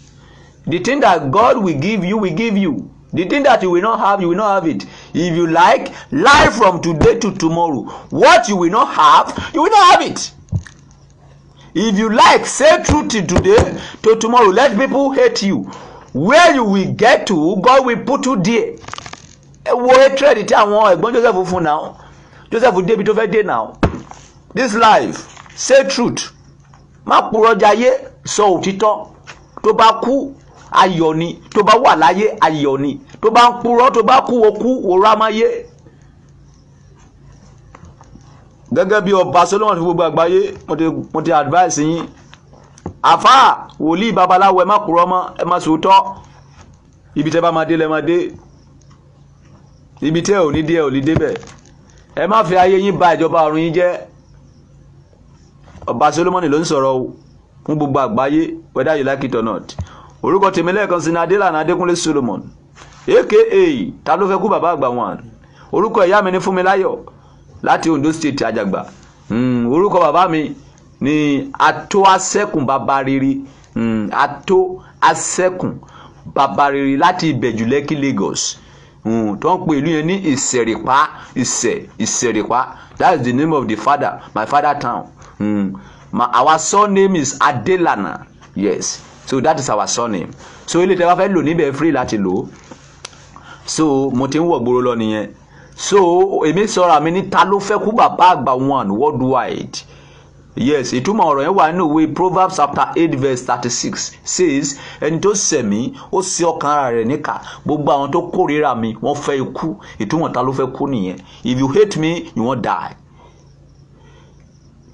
the thing that God will give you will give you. The thing that you will not have, you will not have it. If you like, lie from today to tomorrow. What you will not have, you will not have it. If you like, say truth to today to tomorrow. Let people hate you. Where you will get to, God will put you there. Ẹ wo hatred tí àwọn ẹ̀gbọ́n Joseph fún now. Joseph débi tó fẹ́ dé now. This life, say truth má purọ́jà ayé sọ òtítọ́ tó bá kú ayọ̀ ni tó bá wà láyé ayọ̀ ni tó bá ń purọ́ tó bá kú okú òró amáyé gẹ́gẹ́ bí ọba Solomon fi gbogbo àgbáyé mo ti advice yín àfa wòlíì babaláwo ẹ má purọ́ mọ́ ẹ má sòótọ́ ibi tẹ́ bá máa dé lẹ́ máa dé ibi tẹ́ ò ní dé ò ní débẹ̀ ẹ má fi ayé yín bà ìjọba ọ̀run yín jẹ́ ọba Solomoni ló ń sọ̀rọ̀ o fún gbogbo àgbáyé whether you like it or not orúkọ tèmi lẹ́ẹ̀kan sí ní Adélànà Adékúnlé Solomon aka ta ló fẹ́ kú bàbá àgbà wọn orúkọ ìyá mi ní Fúnmiláyọ̀ láti Ondo State Àjàgbà hmm, orúkọ bàbá mi ni ató asẹ́kùn bàbá rere ató asẹ́kùn bàbá rere láti Ìbẹ̀jú Lagos hmm, tó ń pè ìlú yẹn ní Ìsẹ̀rìpá Ìsẹ̀ Ìsẹ̀rìpá that is the name of the father my father town Mm. My, our surname is Adelana. Yes. So that is our surname. So ilé tẹ́ bá fẹ́ lò níbẹ̀ free láti lò. So mo ti ń wọ̀ gbòòrò lọ nìyẹn. So èmi sọ̀rọ̀ mi ní ta ló fẹ́ kú bàbá àgbà one worldwide. Yes, ìtumọ̀ ọ̀rọ̀ yẹn wà nínú ìwé Proverbs chapter eight verse thirty-six says ẹni tó ṣẹ̀ mí ó ṣe ọkàn ara rẹ̀ níkà gbogbo àwọn tó kórìíra mi wọ́n fẹ́ ikú ìtumọ̀ ta ló fẹ́ kú nìyẹn if you hate me you wan die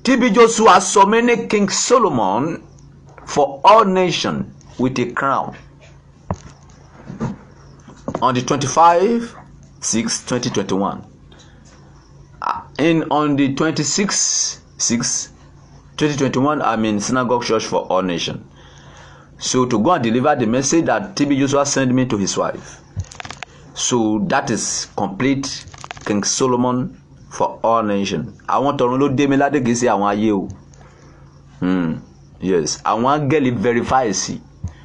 TB Joshua summoned King Solomon for all nations with a crown. On the 25 6 2021 and ah, on the 26 6 2021 i'm in synagogue church for all nation so to go and deliver the message that tb joshua sent me to his wife so that is complete king solomon for all nations àwọn tọ̀run ló dé mi ládé kìí ṣe àwọn ayé o hmm, yes àwọn áńgẹ́lì verify sí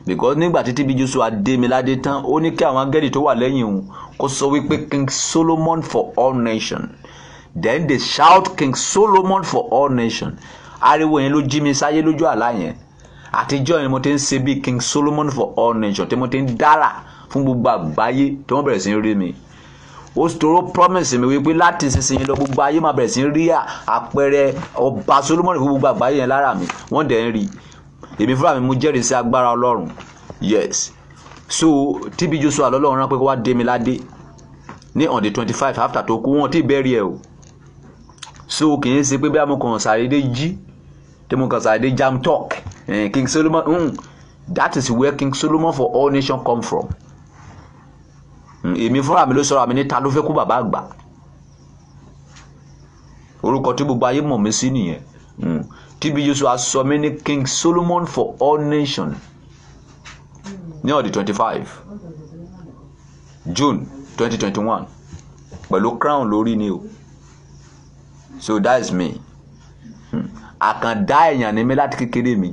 because nígbà títí bí Joshua dé mi ládé tán ó ní kí àwọn áńgẹ́lì tó wà lẹ́yìn òun kó sọ wípé King Solomon for all nations then they shout King Solomon for all nations ariwo yẹn ló jí mi sáyé lójú àlá yẹn àtijọ́ yẹn mo ti ń ṣe bíi King Solomon for all nations tí mo ti ń dára fún gbogbo àgbáyé tí wọ́n bẹ̀rẹ̀ sí rí mi ó toro promise mi wípé láti sísìn lọ gbogbo ayé máa bẹ̀rẹ̀ sí rí àpẹẹrẹ ọba Solomoni fún gbogbo àgbáyé yẹn lára mi wọ́n dẹ̀ ń rí èmi fúnra mi mo jẹ́rìí sí agbára Ọlọ́run yes so TB Joshua lọ́lọ́run rán pé kó wá dé mi ládé ní on the twenty five after tó kú wọn tí bẹ́ẹ̀ rí ẹ o so kì í ṣe pé bí amú kan ṣàdédé jí tí mo kàn ṣàdédé jam talk eh, King Solomon mm, that is where King Solomon for all nations come from Hmm, èmi fúnra mi ló sọ̀rọ̀ àmì níta ló fẹ́ kú bàbá àgbà orúkọ tí gbogbo ayé mọ̀ mí sí nìyẹn hmm, TB Joshua sọ mí King Solomon for all nations ní ọ̀dì twenty five June twenty twenty one pẹ̀lú crown lórí ni o so that is me àkàndá hmm, èèyàn ni mí láti kékeré mi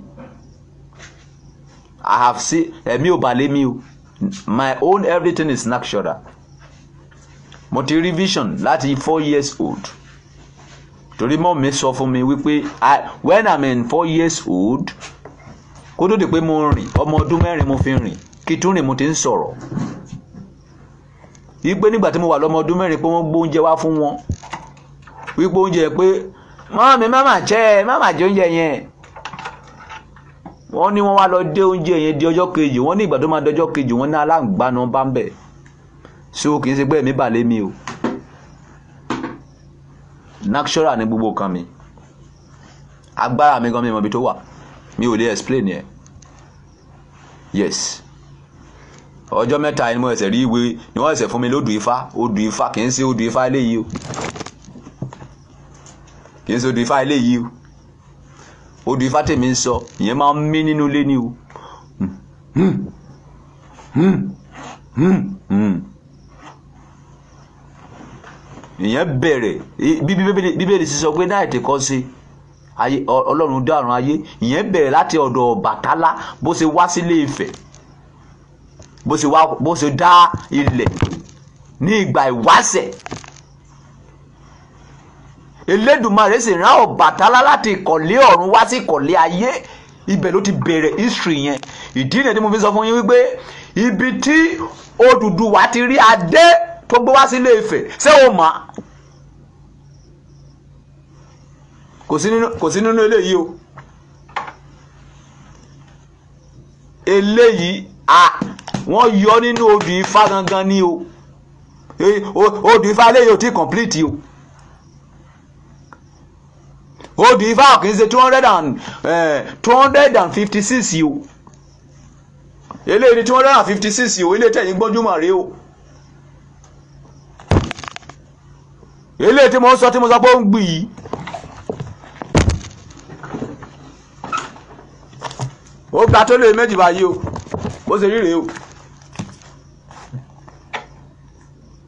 I have seen ẹ̀mí ò balẹ̀ mi o my own everything is snapshot mo ti rí vision láti four years old torí mọ́ mi sọ fún mi wípé when i'm in four years old kó tó di pé mo rìn ọmọ ọdún mẹ́rin mo fi rìn kí tún rìn mo ti ń sọ̀rọ̀ wípé nígbà tí mo wà lọ́mọ ọdún mẹ́rin pé wọ́n gbóúnjẹ wá fún wọn wípé oúnjẹ pé mọ́mí má mà jẹ́ má mà jẹ oúnjẹ yẹn wọ́n ní wọ́n wá lọ dé oúnjẹ yẹn di ọjọ́ kejì wọ́n ní ìgbà tó máa dọjọ́ kejì wọ́n ní aláǹgbáná bá ń bẹ̀ ṣé o kì í ṣe pé ẹ̀mí bà lé mi o natural ni gbogbo kan mi agbára mi gan mi mọ̀ ibi tó wà mi ò lè explain yẹn yes ọjọ́ mẹ́ta ni mo ẹsẹ̀ rí ìwé ni wọ́n ẹsẹ̀ fún mi lódù ifá odù ifá kì í ṣe odù ifá eléyìí o kì í ṣe odù ifá eléyìí o odù ifá tèmi ń sọ ìyẹn máa ń mí nínú ilé ni o ìyẹn bẹ̀rẹ̀ bí bíbélì sísọ pé náà ètè kọ́ sí ọlọ́run dárun ayé ìyẹn bẹ̀rẹ̀ láti ọ̀dọ̀ Ọbàtálá bó ṣe wá sílé Ifẹ̀ bó ṣe dá ilẹ̀ ní ìgbà ìwáṣẹ̀ Elédùmarè sì rán Ọ̀bàtálá láti ìkọ̀lé ọ̀run wá sí ìkọ̀lé ayé ibẹ̀ ló ti bẹ̀rẹ̀ history yẹn ìdí nìyẹn tí mo fi sọ fún yín wípé ibi tí Odùduwà ti rí adé tó gbé wá sí Ilé ṣé o mọ̀ kò sí nínú eléyìí o eléyìí a wọ́n yọ nínú odù Ifá gangan ni o odù Ifá eléyìí ò tí complete o odifá kì í ṣe two hundred and eh, two hundred and fifty six yìí o eléyìí ni two hundred and fifty six yìí o ilé tẹ̀yìn gbọ́njúmọ̀ rèé o eléyìí tí mo sọ tí mo sọ pé ó ń gbì yìí ó gba tó lé méjì báyìí o bó ṣe rí rèé o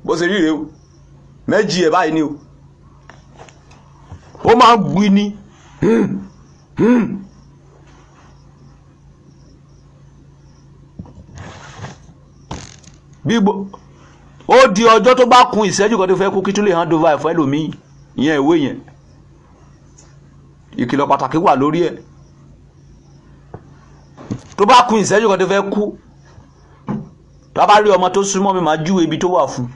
bó ṣe rí o méjì ẹ̀ báyìí ni o ó máa ń bui ni. bí ó di ọjọ́ tó bá kun ìṣẹ́jú kan tó fẹ́ kú kí tún lè hand over ẹ̀fọ́ ẹlòmíì ìyẹn ìwé yẹn ìkìlọ̀ pàtàkì wà lórí ẹ̀ tó bá kun ìṣẹ́jú kan tó fẹ́ kú tó bá rí ọmọ tó súnmọ́ mi máa júwe ibi tó wà fún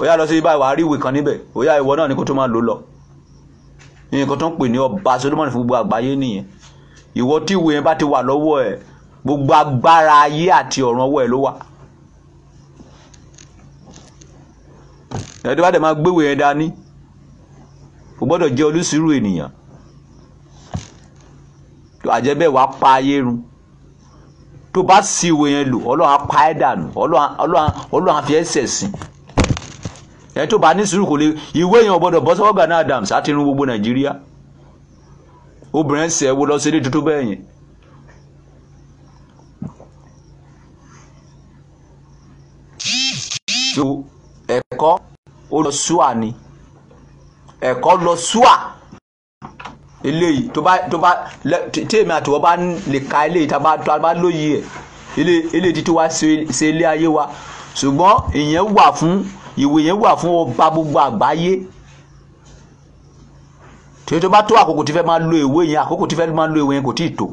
ó yá lọ sí ibà ìwà àríwè kan níbẹ̀ ó yá ìwọ náà ni kó tó máa lò lọ nǹkan tó ń pè ní ọba Solomoni fún gbogbo àgbáyé nìyẹn ìwọ tí ìwé yẹn bá ti wà lọ́wọ́ ẹ̀ gbogbo agbára ayé àti ọ̀run ọwọ́ ẹ̀ ló wà. ẹ̀ẹ́dẹ́ bá dẹ̀ máa gbéwèé yẹn dání o gbọ́dọ̀ jẹ́ olùsírù ènìyàn tó àjẹbẹ́ wàá pa ayé run tó bá sí ìwé yẹn lò ọlọ́run á pa dànù ọlọ́run á fi ẹsẹ̀ sìn ẹ tó bá ní sùúrù kò lè ìwé èèyàn gbọ́dọ̀ bọ́ sọ́wọ́ Gani Adams àti irun gbogbo Nàìjíríà obìnrin ṣe ẹwo lọ sí ilé tuntun bẹ́ẹ̀ yẹn. ẹ̀kọ́ ó lọ ṣúà ni ẹ̀kọ́ lọ ṣúà eléyìí tó bá tó bá tèmi àtìwọ́ bá lè ka eléyìí tá a bá lóye ẹ̀ eléyìí títí wá ṣe ilé ayé wa ṣùgbọ́n ìyẹn wà fún ìwé yẹn wà fún ọba gbogbo àgbáyé tí tó bá tó àkókò tí fẹ́ máa lo ìwé yẹn àkókò tí fẹ́ máa lo ìwé yẹn kò tíì tó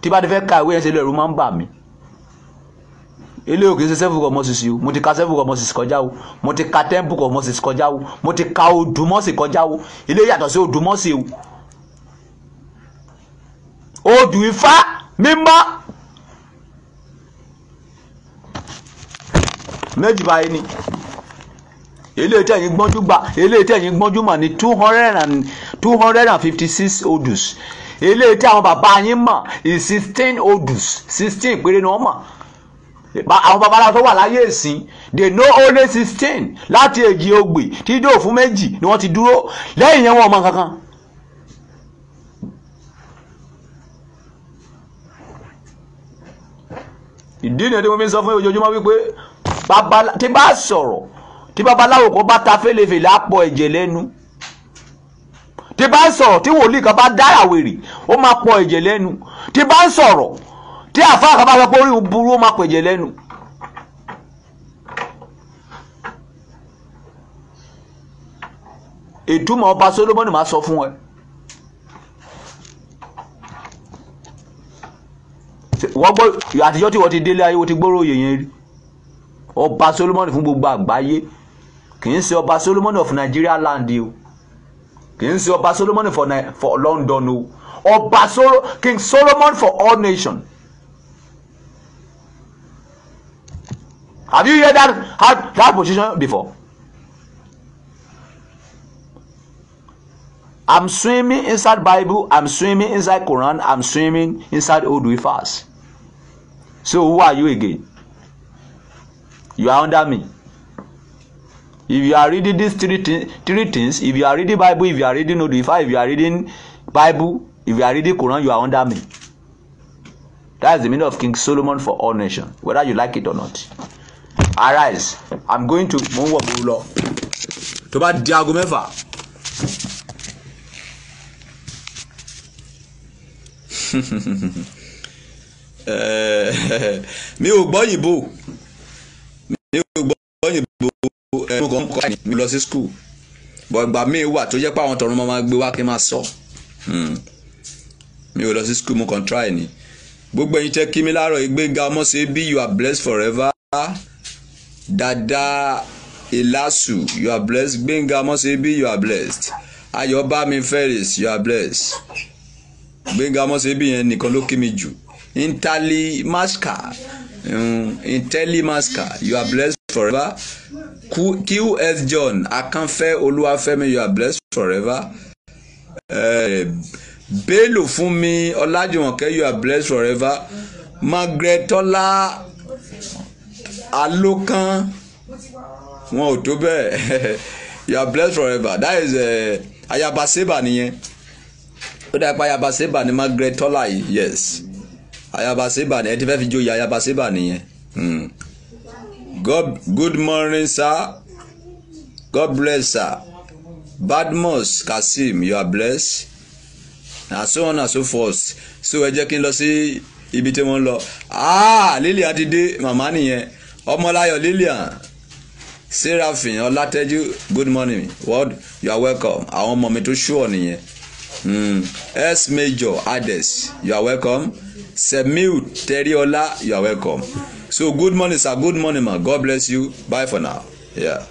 tí bá ti fẹ́ ka ìwé yẹn ṣe lè ẹ̀rù máa ń bà mí ilé òkè ṣe seven Moses o mo ti ka seven Moses kọjá o mo ti ka ten book of kọjá o mo ti ka Odùmọ́sì kọjá o ilé yàtọ̀ sí Odùmọ́sì o odù Ifá mímọ́. méjì báyìí ni eléyìí tẹ̀yìn gbọ́njú gbà eléyìí tẹ̀yìn gbọ́njú mọ̀ ní two hundred and two hundred and fifty six odus eléyìí tí àwọn bàbá yín mọ̀ is sixteen odus sixteen péré ni wọ́n mọ̀ àwọn babaláwo tó wà láyé ìsìn they know only sixteen láti èjì ogbè tí dé òfun méjì ni wọ́n ti dúró lẹ́yìn yẹn wọ́n mọ̀ kankan. ìdí nìyẹn tí mo fi ń sọ fún ojoojúmọ́ wípé tí bá sọ̀rọ̀ tí babaláwo kan bá ta fẹ́lẹ́fẹ́lẹ́ á pọ ẹ̀jẹ̀ lẹ́nu tí bá ń sọ̀rọ̀ tí wòlíì kan bá dára wèrè ó máa pọ ẹ̀jẹ̀ lẹ́nu tí bá ń sọ̀rọ̀ tí àfáà kan bá sọ pé orí burú ó máa pọ ẹ̀jẹ̀ lẹ́nu. ìtumọ̀ ọba Solomoni máa sọ fún ẹ. wọ́n gbọ́ àtijọ́ tí wọ́n ti délé ayé wọ́n ti gbọ́rọ̀ òye rí ọba Solomoni fún gbogbo àgbáyé kì í ṣe ọba Solomoni of Nigeria land o kì í ṣe ọba Solomoni for, for London o ọba Solo King Solomon for all nations. Have you heard that that, that position before? I'm swimming inside Bible, I'm swimming inside Quran, I'm swimming inside Old Wifas. So who are you again? you are under me if you are reading these three, th three things if you are reading bible if you are reading notifier if you are reading bible if you are reading quran you are under me that is the meaning of king solomon for all nations whether you like it or not arise i'm going to mo ń wọ̀ mo lọ tó bá di aago mẹ́fà [LAUGHS] eh, [LAUGHS] mi ò gbọ́ yìnbó ní gbogbo òyìnbó ẹnu kan kọ́ ẹ̀yìn mi lọ sí skul bọ̀ ìgbà míì wà tó jẹ́ pé àwọn tọrun máa gbé wá kí n máa sọ hmm. mi ò lọ sí skul mo kàn try ni gbogbo ẹ̀yin tẹ́ kí mi láàárọ̀ ìgbéga ọmọ ṣe bí you are blessed forever dada ilasu you are blessed gbẹ̀ngà ọmọ ṣe bí you are blessed ayọ̀bámi ferris you are blessed gbẹ̀ngà ọmọ ṣe bí yẹn nìkan ló kí mi jù intali masca um, mm, intellimas car you are blessed forever qs john akanfẹ olúwafẹ́mi you are blessed forever uh, eh, bello fúnmi ọlájúmọ̀kẹ́ you are blessed forever margaret tọ́lá alókan wọn ò tó bẹ́ẹ̀ [LAUGHS] you are blessed forever that is uh, eh, ayaba seba nìyẹn ó dàgbà ayaba seba ni margaret tọ́lá yìí yes ayaba seba ẹ ti fẹ́ fi joyè ayaba seba nìyẹn hmm. god good morning sir god bless sir badmus kasim you are blessed Na so on and so forth so ẹ jẹ́ kí n lọ sí ibi tí wọ́n ń lọ ah lilian ti dé màmá nìyẹn ọmọláyọ̀ lilian seraphin ọlátẹ́jú good morning world you are welcome àwọn ọmọ mi tó ṣúọ̀ nìyẹn hmm. s major ades you are welcome Semiu Teriola, you are welcome. So good morning, sir. Good morning, man. God bless you. Bye for now. Yeah.